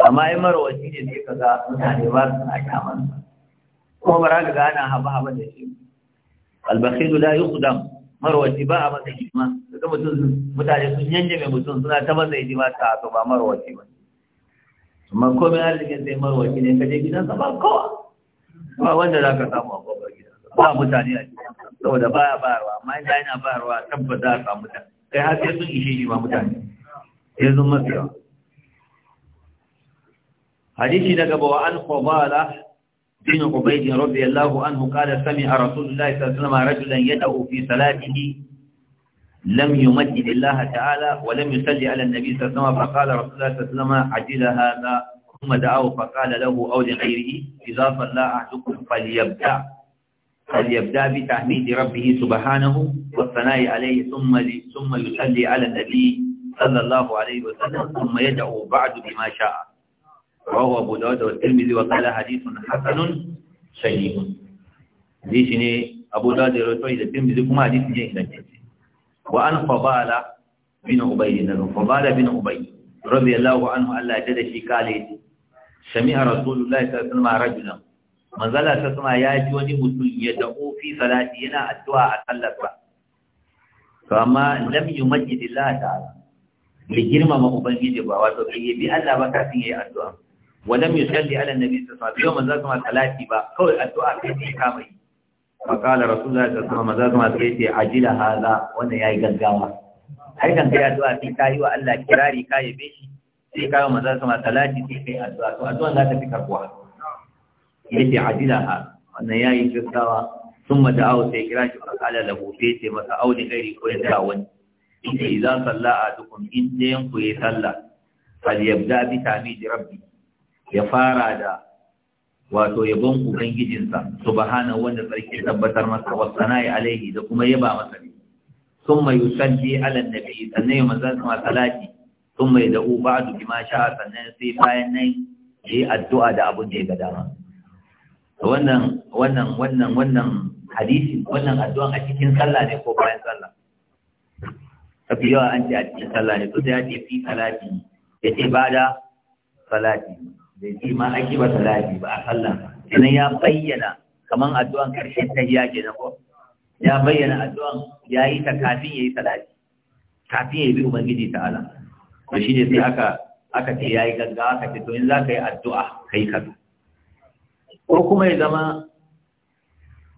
amma ai marawaci ne sai ka ga mutane ba su na kyaman kuma ba za ana haba haba da shi al albakhilu la yuqdam marwaci ba a masa ma. daga mutum mutane sun yanje mai mutum suna ta masa hidima ta haka ba marwaci ba amma komai arzikin sai marwaki ne kaje gidansa ba kowa ba wanda za ka samu a kofar gidansa ba mutane a gidansa saboda baya bayarwa amma inda yana bayarwa tabbata za a samu ta. kai har sai sun ishe shi ma mutane sai sun yawa hadisi daga wa an kwabala bin ubaidin رضي الله anhu قال sami a rasulullahi sallallahu alaihi عليه وسلم رجلا يدعو في لم يمجد الله تعالى ولم يصلي على النبي صلى الله عليه وسلم فقال رسول الله صلى الله عليه وسلم عجل هذا ثم دعاه فقال له أو لغيره إذا صلى أحدكم فليبدأ فليبدأ بتحميد ربه سبحانه والثناء عليه ثم ثم يصلي على النبي صلى الله عليه وسلم ثم يدعو بعد بما شاء رواه أبو داود والترمذي وقال حديث حسن صحيح حديث أبو داود والترمذي كما حديث جيد wa an fabala bin ubay da fabala bin ubay radiyallahu anhu Allah ya dade shi kale sami'a rasulullahi sallallahu alaihi wasallam rajulan manzala ta sama ya ji wani mutum ya da'u fi salati yana addu'a a sallarsa to amma lam yumajjid Allah ta'ala bai girmama ubangiji ba wato bai yabi Allah ba kafin yayi addu'a wa lam yusalli ala nabi sallallahu alaihi wasallam bai manzala sama salati ba kawai addu'a kai ne kamai فقال رسول الله صلى الله عليه وسلم ماذا ما تقول عجل هذا وانا يا غغاوا ai kan kai addu'a sai kai wa Allah kirari ka yabe shi sai kai wa manzon salati sai kai addu'a to addu'a za ta fi karbuwa yace ajila ha wannan yayi gaggawa thumma da'aw sai kira shi fa qala lahu sai ce masa audi gairi ko ya da wani idan salla a in dayan ku sallah, salla fal yabda rabbi ya fara da wato yabon ubangijinsa subhana wanda sarki tabbatar masa wa sana'i alaihi da kuma yaba masa ne thumma yusalli ala nabi sannan ya manzan sama salati thumma yad'u ba'du bima sha'a sannan sai bayan nan yi addu'a da abun da ya ga dama wannan wannan wannan wannan hadisi wannan addu'a a cikin sallah ne ko bayan sallah kafi yawa an ce a cikin sallah ne tunda ya ce fi salati ya ce bada salati bai ji ma ake ba salati ba a sallah sannan ya bayyana kaman addu'an karshen tahiyya na ko ya bayyana addu'an ya yi ta kafin ya yi salati kafin ya yi bi ubangiji ta'ala to ne sai aka aka ce ya yi gaggawa ka ce to in za ka yi addu'a ka yi kaza ko kuma ya zama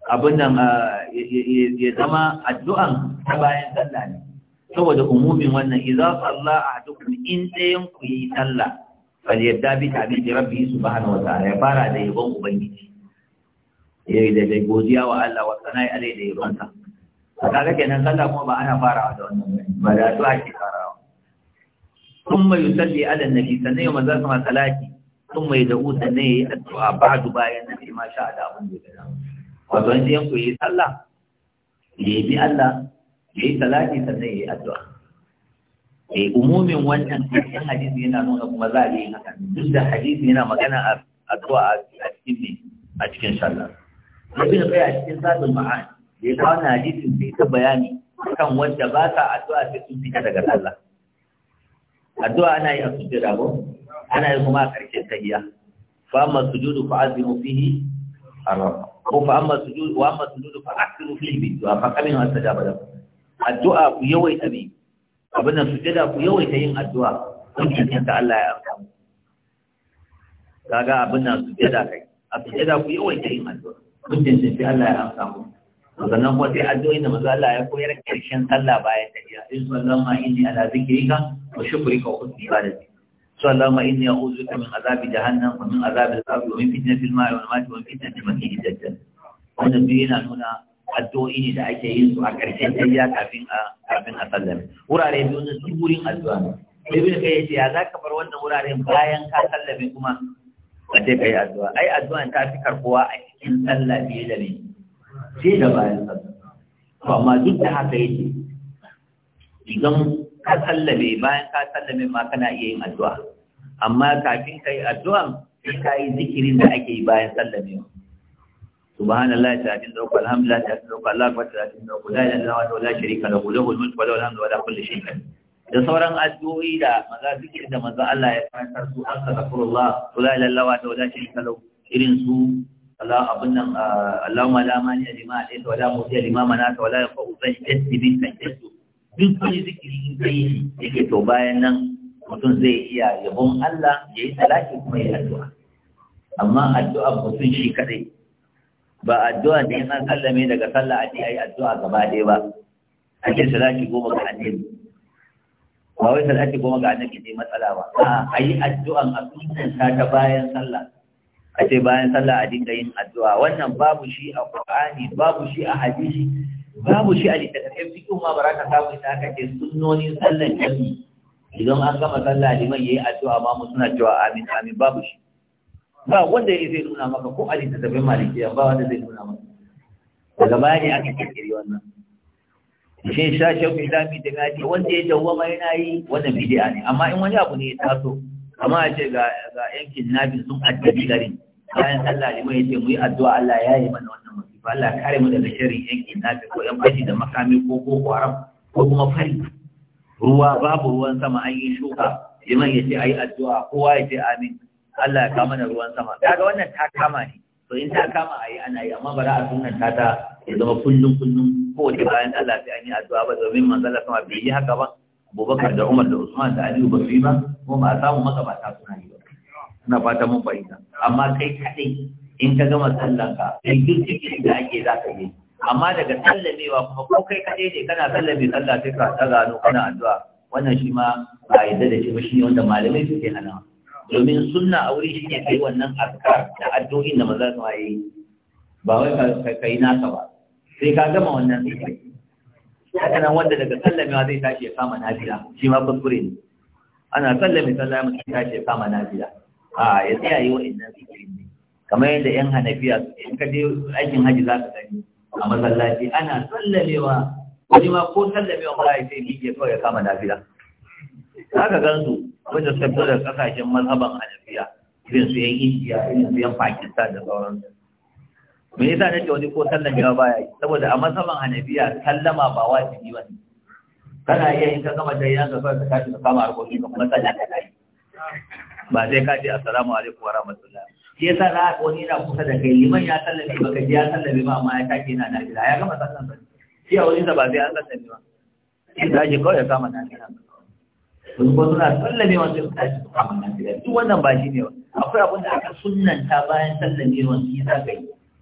abin nan ah, ya zama addu'an ta bayan sallah ne saboda umumin wannan idza salla ahadukum in dayan ku yi sallah yadda bi ta'bidi rabbi subhanahu wa ta'ala ya fara da yabon ubangiji yayi da dai godiya wa Allah wa sana'i alai da yabon sa kaga kenan sallah kuma ba ana fara da wannan ba da addu'a ke farawa thumma yusalli ala nabi sannan ya manzo sama salati thumma ya sannan yayi addu'a ba'du bayan nabi ma sha Allah abun da ya wato an sai yi sallah yayi bi Allah yayi salati sannan yi addu'a eh umumin wannan cikin hadisi yana nuna kuma za a yi haka duk da hadisi yana magana a zuwa a cikin ne a cikin sallah nabi bai a cikin sabon ma'an da ya kawo hadisin da ta bayani kan wanda ba sa addu'a sai sun fita daga sallah addu'a ana yi a sujjada ko ana yi kuma a ƙarshen tahiyya fa amma sujudu fa azimu fihi arab ko fa amma sujudu wa amma sujudu fa aksiru fihi bi du'a fa kamin wa ba da addu'a ku yawaita bi abin da sujada ku yawaita yin addu'a don ta Allah ya amsa mu kaga abin da sujada kai a sujada ku yawaita yin addu'a don ta Allah ya amsa mu sannan kuma sai addu'o'in da manzo Allah ya koyar karshen sallah bayan tahiyya in ma inni ala zikrika wa shukrika wa husni ibadati اللهم إني أعوذ بك من عذاب جهنم ومن عذاب القبر ومن filma الماء والمات ومن فتنة المسيح الدجال. wannan biyu yana nuna addu'o'i ne da ake yin su a ƙarshen tafiya kafin a kafin a sallar wurare biyu ne su wurin addu'a ibn kai yace ya zaka bar wannan wuraren bayan ka sallame kuma ka je kai addu'a ai addu'a ta fi karkuwa a cikin sallah biye da ne sai da bayan sallah to amma duk da haka yake idan ka sallame bayan ka sallame ma kana iya yin addu'a amma kafin kai addu'a sai ka yi zikirin da ake yi bayan sallamewa سبحان الله ثلاثين ذوق الحمد لله ثلاثين ذوق الله أكبر ثلاثين ذوق لا إله إلا الله ولا شريك له له الملك وله الحمد ولا كل شيء da sauran addu'o'i da maza zikir da maza Allah ya karantar su an sadakurullah la ilaha illallah wa la sharika lahu irin su Allah abun nan ah, Allahumma la mani lima alayta wa la muti lima manata wa la yaqu zai tasbi bi tajaddu duk wani zikiri sai yake to bayan nan mutum zai iya yabon Allah yayi salati kuma ya addu'a amma addu'a mutum shi kadai ba addu'a da in an sallame daga sallah a ce ai addu'a gaba ɗaya ba a ce zaki goma ga annabi ba wai zaki goma ga annabi ne matsala ba a yi addu'an a ta ta bayan sallah a ce bayan sallah a dinga yin addu'a wannan babu shi a Qur'ani babu shi a hadisi babu shi a littattafai fiqh ma baraka samu ita aka ce sunnonin sallah jami'i idan an gama sallah liman yayi addu'a ma mu suna cewa amin amin babu shi ba wanda ya zai nuna maka ko a littattafin malikiya ba wanda zai nuna maka daga baya ne aka kirkiri wannan shi shashen islami da gadi wanda ya dawwama yana yi wannan bidiya ne amma in wani abu ne ya taso amma a ce ga yankin nabi sun addabi garin bayan Allah ne mai ce mu yi addu'a Allah ya yi mana wannan masifa Allah kare mu daga shirin yankin nabi ko yan baji da makami ko ko haram ko kuma fari ruwa babu ruwan sama an yi shuka liman ya ce ayi addu'a kowa ya ce amin Allah ya kama da ruwan sama kaga wannan ta kama ne to in ta kama a yi ana yi amma ba za a sunan ta ta ya zama kullum kullum kowace bayan Allah sai an yi addu'a ba domin Allah sama bai yi haka ba Abubakar da Umar da Usman da Aliyu ba su yi ba kuma ba a samu magabata suna yi ba ina fata mun fahimta amma kai kaɗai in ka gama sallanka kai duk da ake za ka yi amma daga sallamewa kuma ko kai kaɗai ne kana sallame sallah sai ka ta gano kana addu'a wannan shi ma ba a yadda da shi ba shi ne wanda malamai suke hana domin sunna a wuri shi ne kai wannan askar da addu'o'in da maza su yi ba wai ka kai naka ba sai ka gama wannan sai kai haka nan wanda daga sallamewa zai tashi ya kama nafila shi ma kuskure ne ana sallame sallame mutum tashi ya kama nafila a ya tsaya yi wa'annan zikiri ne kamar yadda yan hanafiya in ka je aikin haji za ka gani a masallaci ana sallamewa wani ma ko sallamewa ba ya sai ya kawai ya kama nafila za ka gan su wajen sabbin da kasashen mazhaban hanafiya irin su yan indiya irin su yan pakistan da su. me yasa nake wani ko sallan jawa baya yi saboda a mazhaban hanafiya sallama ba wajibi ba ne kana iya yin ka gama tayyana ka sai ka kashi ka kama harkokin ka kuma sallah ka yi. ba sai ka ce assalamu alaikum wa rahmatullah shi yasa za ka wani yana kusa da kai liman ya sallame ba kai ya sallame ba amma ya tashi yana nafila ya gama sallan ba. shi a wani sa ba sai an sallame ba shi da shi kawai ya kama nafila wasu ba suna sallame sai su tashi a wannan duk wannan ba shi ne wa? akwai abin da aka sunanta bayan sallame su yi sa kai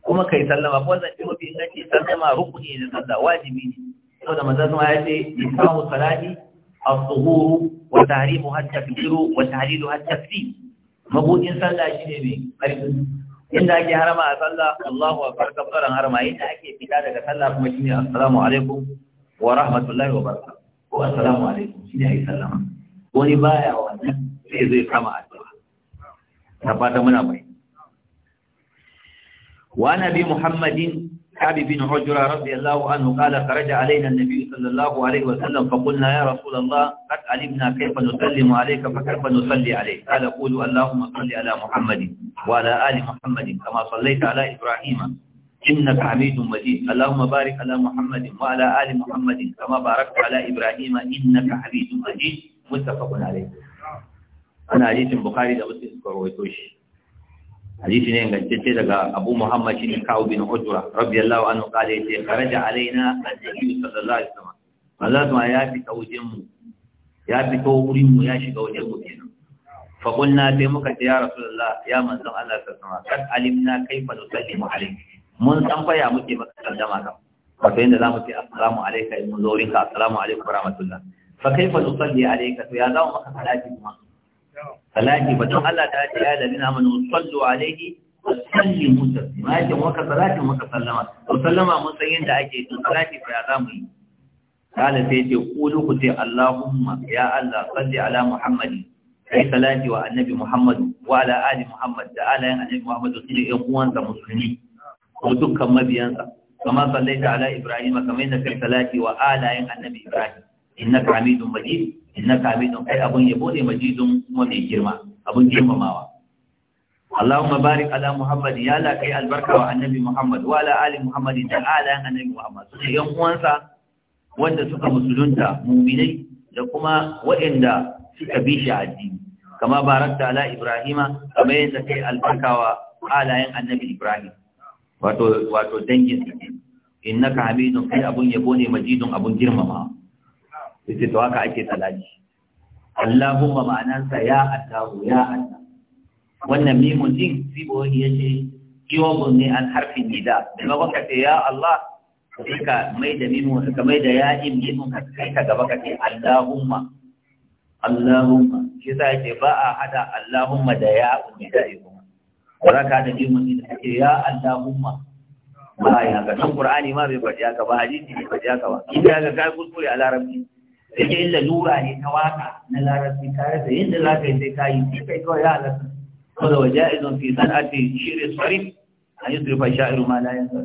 kuma kai sallama ko zan ce mafi inganci sallama rukuni ne sallah wajibi ne saboda da sama ya ce ikramu salati as-suhuru wa tahrimu hatta fikiru wa tahlilu hatta fi mabudin sallah ne mai karfi inda ake harama a sallah Allahu akbar kabbaran harama inda ake fita daga sallah kuma shine assalamu alaikum wa rahmatullahi wa barakatuh ko assalamu alaikum shine yi sallama wani baya wannan sai zai sama addu'a ta fata muna mai wa nabi muhammadin habib bin hujra radiyallahu anhu qala kharaja alaina an-nabi sallallahu alaihi wa sallam fa qulna ya rasul allah qad alimna kayfa nusallimu alayka fa kayfa nusalli alayka qala qulu allahumma salli ala muhammadin wa ala muhammadin kama sallaita ala ibrahima innaka hamidum majid allahumma barik ala muhammadin wa ala ali muhammadin kama barakta ala ibrahima innaka hamidum majid muttafaqun alai ana hadisin bukari da muslim suka rawaito shi hadisi ne ingantacce daga abu muhammad ne kawo bin ujra radiyallahu anhu qala yace da alaina annabi sallallahu alaihi wasallam Allah ma ya fita wajen mu ya fito wurin mu ya shiga wajen mu kenan fa na sai muka ce ya rasulullah ya manzan Allah sallallahu alaihi na kai fa kaifa ke alayk mun san faya muke muke maka sallama ka wato za mu ce assalamu alaikai mun zaurinka asalamu assalamu alaikum wa rahmatullah fa kaifa nusalli alayka to ya za mu maka salati kuma salati ba don Allah ta ce ya ladina amanu sallu alayhi wa sallimu taslima yake maka salati maka sallama to sallama mun san yadda ake to salati fa ya za mu yi kala sai ce qulu ku ce Allahumma ya Allah salli ala Muhammadin kai salati wa annabi Muhammadu wa ala ali Muhammad da alayin annabi Muhammadu su ne ƴan uwansa musulmi ko dukkan mabiyansa kama sallaita ala Ibrahim kama yadda kai salati wa alayin annabi Ibrahim innaka hamidun majid innaka hamidun kai abun yabo ne majidun kuma mai girma abun girmamawa Allahumma barik ala Muhammad ya la kai albarka wa annabi Muhammad wa ala ali Muhammad da ala annabi Muhammad su yan uwansa wanda suka musulunta mu'minai da kuma waɗanda suka bi shi addini kama barakta ala Ibrahima kama yadda kai albarka wa halayen annabi Ibrahim wato wato dangin su innaka hamidun kai abun yabo ne majidun abun girmamawa yace to haka ake salati Allahumma ma'anansa ya Allah ya Allah wannan mimun din sibo yace jawabun ne an harfin nida daga baka ce ya Allah ka mai da mimun ka mai da ya'in mimun ka kai ka gaba ka ce Allahumma Allahumma shi sa yake ba a hada Allahumma da ya'un nida'i kuma ba za ka hada mimun din ka ya Allahumma ba ya ga Qur'ani ma bai faɗi haka ba hadisi bai faɗi haka ba idan ka kai kuskure a larabci sai yin lalura ne ta waka na larabci ka yin yadda za ka yi sai ka yi sai kai kawai ya halatta ko da waje izon fi san ati shirin sarif a yi zurfa sha'iru ma la yanzu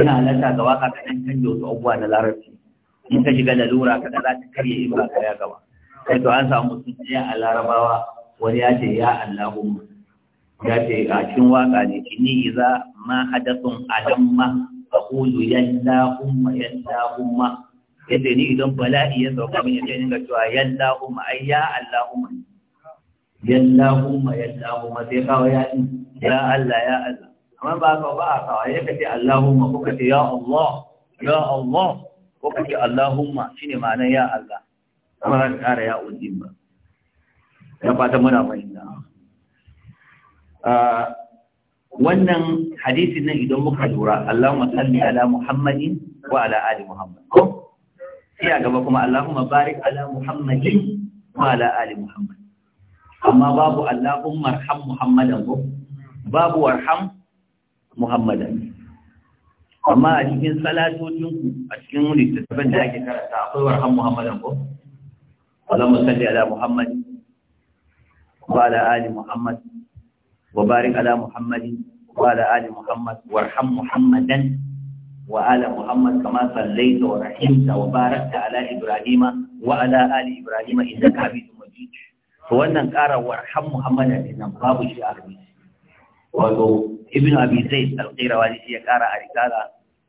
ina halatta ga waka ka ɗan canja wasu abubuwa na larabci in ka shiga lalura ka ɗan za ta karye in ba ka ya gaba sai to an samu sun ɗaya a larabawa wani ya ce ya allahu ya ce a cikin waka ne inni iza ma hadasun adamma aqulu ya allahumma ya allahumma yadda ni idan bala'i ya sauka min yadda dinga cewa yallahumma ai ya allahumma yallahumma yallahumma sai kawo ya ya Allah ya Allah amma ba ka ba a ka ya kace allahumma ko kace ya Allah ya Allah ko kace allahumma shine ma'ana ya Allah amma ka kara ya ujin ba ya fata muna fahimta wannan hadisin nan idan muka lura Allahumma salli ala Muhammadin wa ala ali Muhammad sai a gaba kuma Allahumma barik ala Muhammadin wa ala ali Muhammad amma babu Allahumma arham Muhammadan ko babu warham Muhammadan amma a cikin ku a cikin littattafan da ake karanta akwai warham Muhammadan ko Allahumma salli ala Muhammad wa ala ali Muhammad wa barik ala Muhammadin wa ala ali Muhammad warham Muhammadan وآل محمد كما صليت ورحمت وباركت على إبراهيم وعلى آل إبراهيم إنك حميد مجيد فوانا قال وارحم محمد إنما باب شيء أخبيث wato ibn abi zaid al-qirawani shi ya kara a risala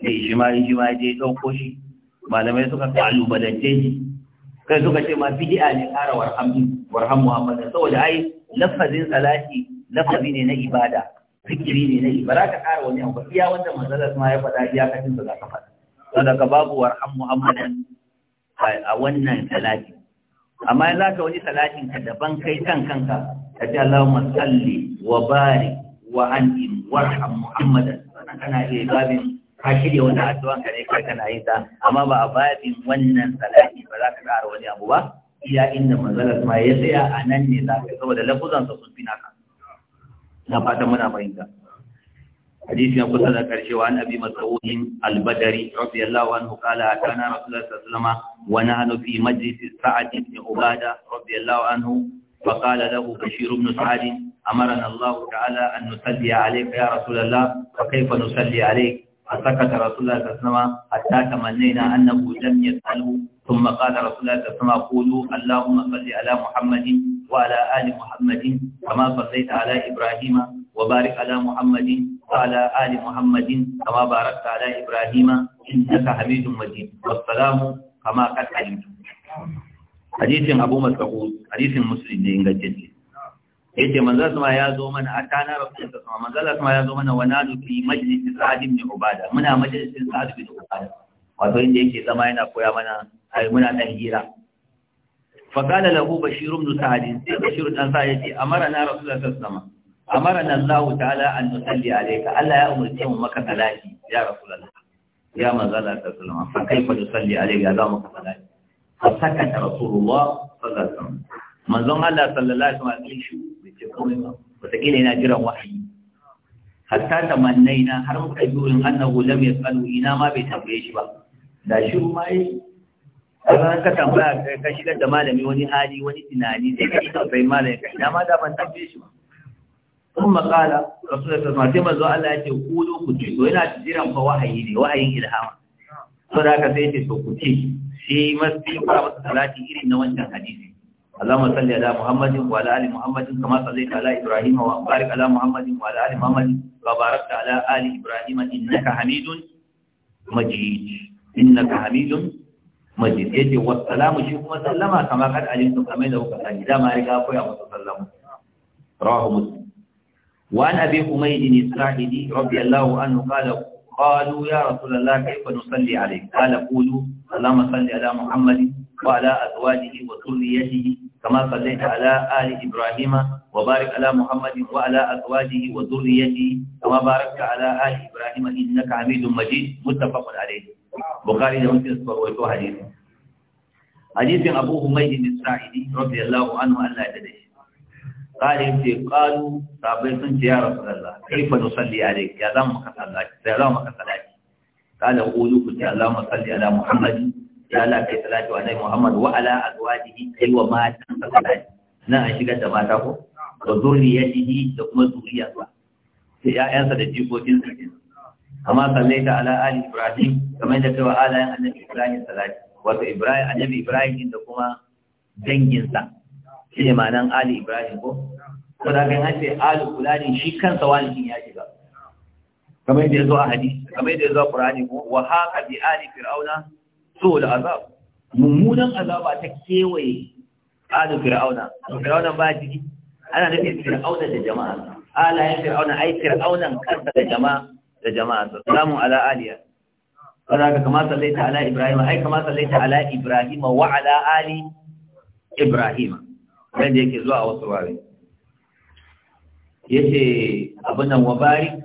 da ijmai ijmai dai dauko shi malamai suka kalubalance kai suka ce ma bid'a ne kara warhamdi warham muhammad ai lafazin salati lafazi ne na ibada Fikiri ne na yi. ba za ka ƙara wani abu iya wanda manzalar ma ya faɗa iyakacin da za ka faɗa daga babu warhan muhammadan a wannan talatin. amma za ka wani talatin ka daban kai kan kanka ka ji ma salli wa bari wa an'im warham ka kana iya babin ka shirya wani addu'a ka ne kai kana yin ta amma ba a babin wannan talatin, ba za ka ƙara wani abu ba iya inda manzalar ma ya tsaya a nan ne za ka saboda lafuzansa sun fi naka zafata muna fahimta. na kusa da ƙarshe wa annabi matsawuhin albadari, rabiyallahu an hukala a kana rasulun sassalama wani hannufi majalisi sa’adin ne ubada, rabiyallahu an hu, faƙala da ku bashiru nu sa’adin, a maran Allah ta’ala an nusalli a alaika ya rasulallah, ka kaifa nusalli a rai, a sakata rasulun sassalama, a ta kamanni na annabu jam'iyyar salu, sun maƙala rasulun sassalama kulu, Allahumma salli ala Muhammadin, وعلى آل محمد كما صليت على إبراهيم وبارك على محمد وعلى آل محمد كما باركت على إبراهيم إنك حميد مجيد والسلام كما قد علمت حديث أبو مسعود حديث مسلم إنجلتي yace manzo sama ya zo mana a kana rasulullah sama manzo sama ya zo mana wa nadu fi majlis sa'd ibn ubada muna majlisin sa'd ibn ubada wato inda yake zama yana koya mana ai muna dan hira faƙala lahu bashir ibn sa'ad sai bashir ɗan sa yace da rasulullah sallallahu alaihi amarna Allah ta'ala an nusalli alayka Allah ya umarci mu maka salati ya rasu rasulullah ya manzala sallallahu alaihi fa kaifa nusalli alayka za mu ka salati fa sakata rasulullah sallallahu alaihi wasallam manzon Allah sallallahu alaihi wasallam shi bai ce komai ba wataƙila yana jiran wahayi hatta tamannaina har muka yi burin annahu lam yasalu ina ma bai tambaye shi ba da shi ma yi kaga ka tambaya eh, ka shigar da malami wani hali wani tunani sai ka shigar sai malami ka ina ma da ban tafi shi ba makala sallallahu alaihi wasallam Allah yake kudu ku ce to yana jiran fa wahayi ne wahayin ilhama to da ka sai ce to ku ce sai masu ba masa salati irin na wancan hadisi اللهم صل على محمد وعلى ال محمد كما صليت على ابراهيم وبارك على محمد وعلى ال محمد وباركت على ال ابراهيم انك حميد مجيد انك حميد majid yace wa salamu shi kuma sallama kama kad alimtu kamar da kuka sani da ma riga koya musu sallamu rawahu muslim wa an abi umayd bin sa'idi radiyallahu anhu qala qalu ya rasulullah kayfa nusalli alayk qala qulu allahumma salli ala muhammad wa ala azwajihi wa dhurriyyatihi كما صليت على آل إبراهيم وبارك على محمد وعلى أزواجه وذريته kama باركت ala Ali Ibrahim إنك حميد مجيد متفق عليه bukari da muslim suka hadisi hadisin abu humayd bin sa'idi radiyallahu anhu Allah ya dade قال يمتي قالوا صابيتن يا رسول الله كيف نصلي عليك يا لما كصلاتي يا لما كصلاتي قال قولوا كنت اللهم صل على محمد يا لا كي صلاتي على محمد وعلى ازواجه اي وما صلاتي نا a shiga da mata ko da zuriyatihi da kuma zuriyarsa sai da jikokinsa kenan Amma kama ta ala ali ibrahim kamar da cewa alayen annabi ibrahim salati wato ibrahim annabi ibrahim da kuma danginsa shi ne ma'anan ali ibrahim ko ko da kan hace ali kulani shi kansa walidin ya shiga kamar da yazo a hadisi kamar da yazo a qur'ani ko wa haqa bi ali fir'auna su da azab mummunan azaba ta kewaye ali fir'auna fir'auna ba ji ana da fir'auna da jama'a ya fir'auna ai fir'auna kansa da jama'a da jama'a salamun ala aliya kada ka kama sallaita ala ibrahim ai kama sallaita ala ibrahim wa ala ali ibrahim dan da yake zuwa wasu wari yace abunan wa barik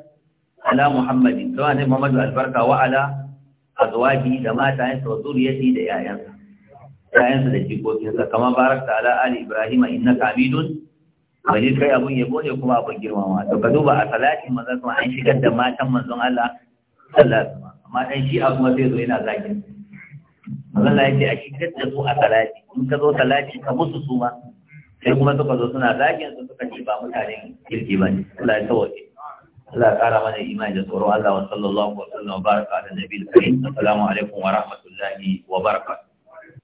ala muhammadin zuwa ne muhammadu albarka wa ala azwaji da matayensa wa zuriyati da yayansa yayansa da jikokinsa kama barakta ala ali ibrahim innaka hamidun wani kai abun yabo ne kuma abun girmama to ka duba a salatin manzon kuma an shigar da matan manzon Allah sallallahu alaihi wasallam amma dan shi a kuma sai zo yana zaki manzon Allah yake a shigar da su a salati in ka zo salati ka musu su ma sai kuma suka zo suna zakin su suka ci ba mutane kirki ba ne Allah ya tawaki Allah ya kara mana imani da tsoro Allah wa sallallahu alaihi wa sallam baraka ala nabiyil karim assalamu alaikum wa rahmatullahi wa barakatuh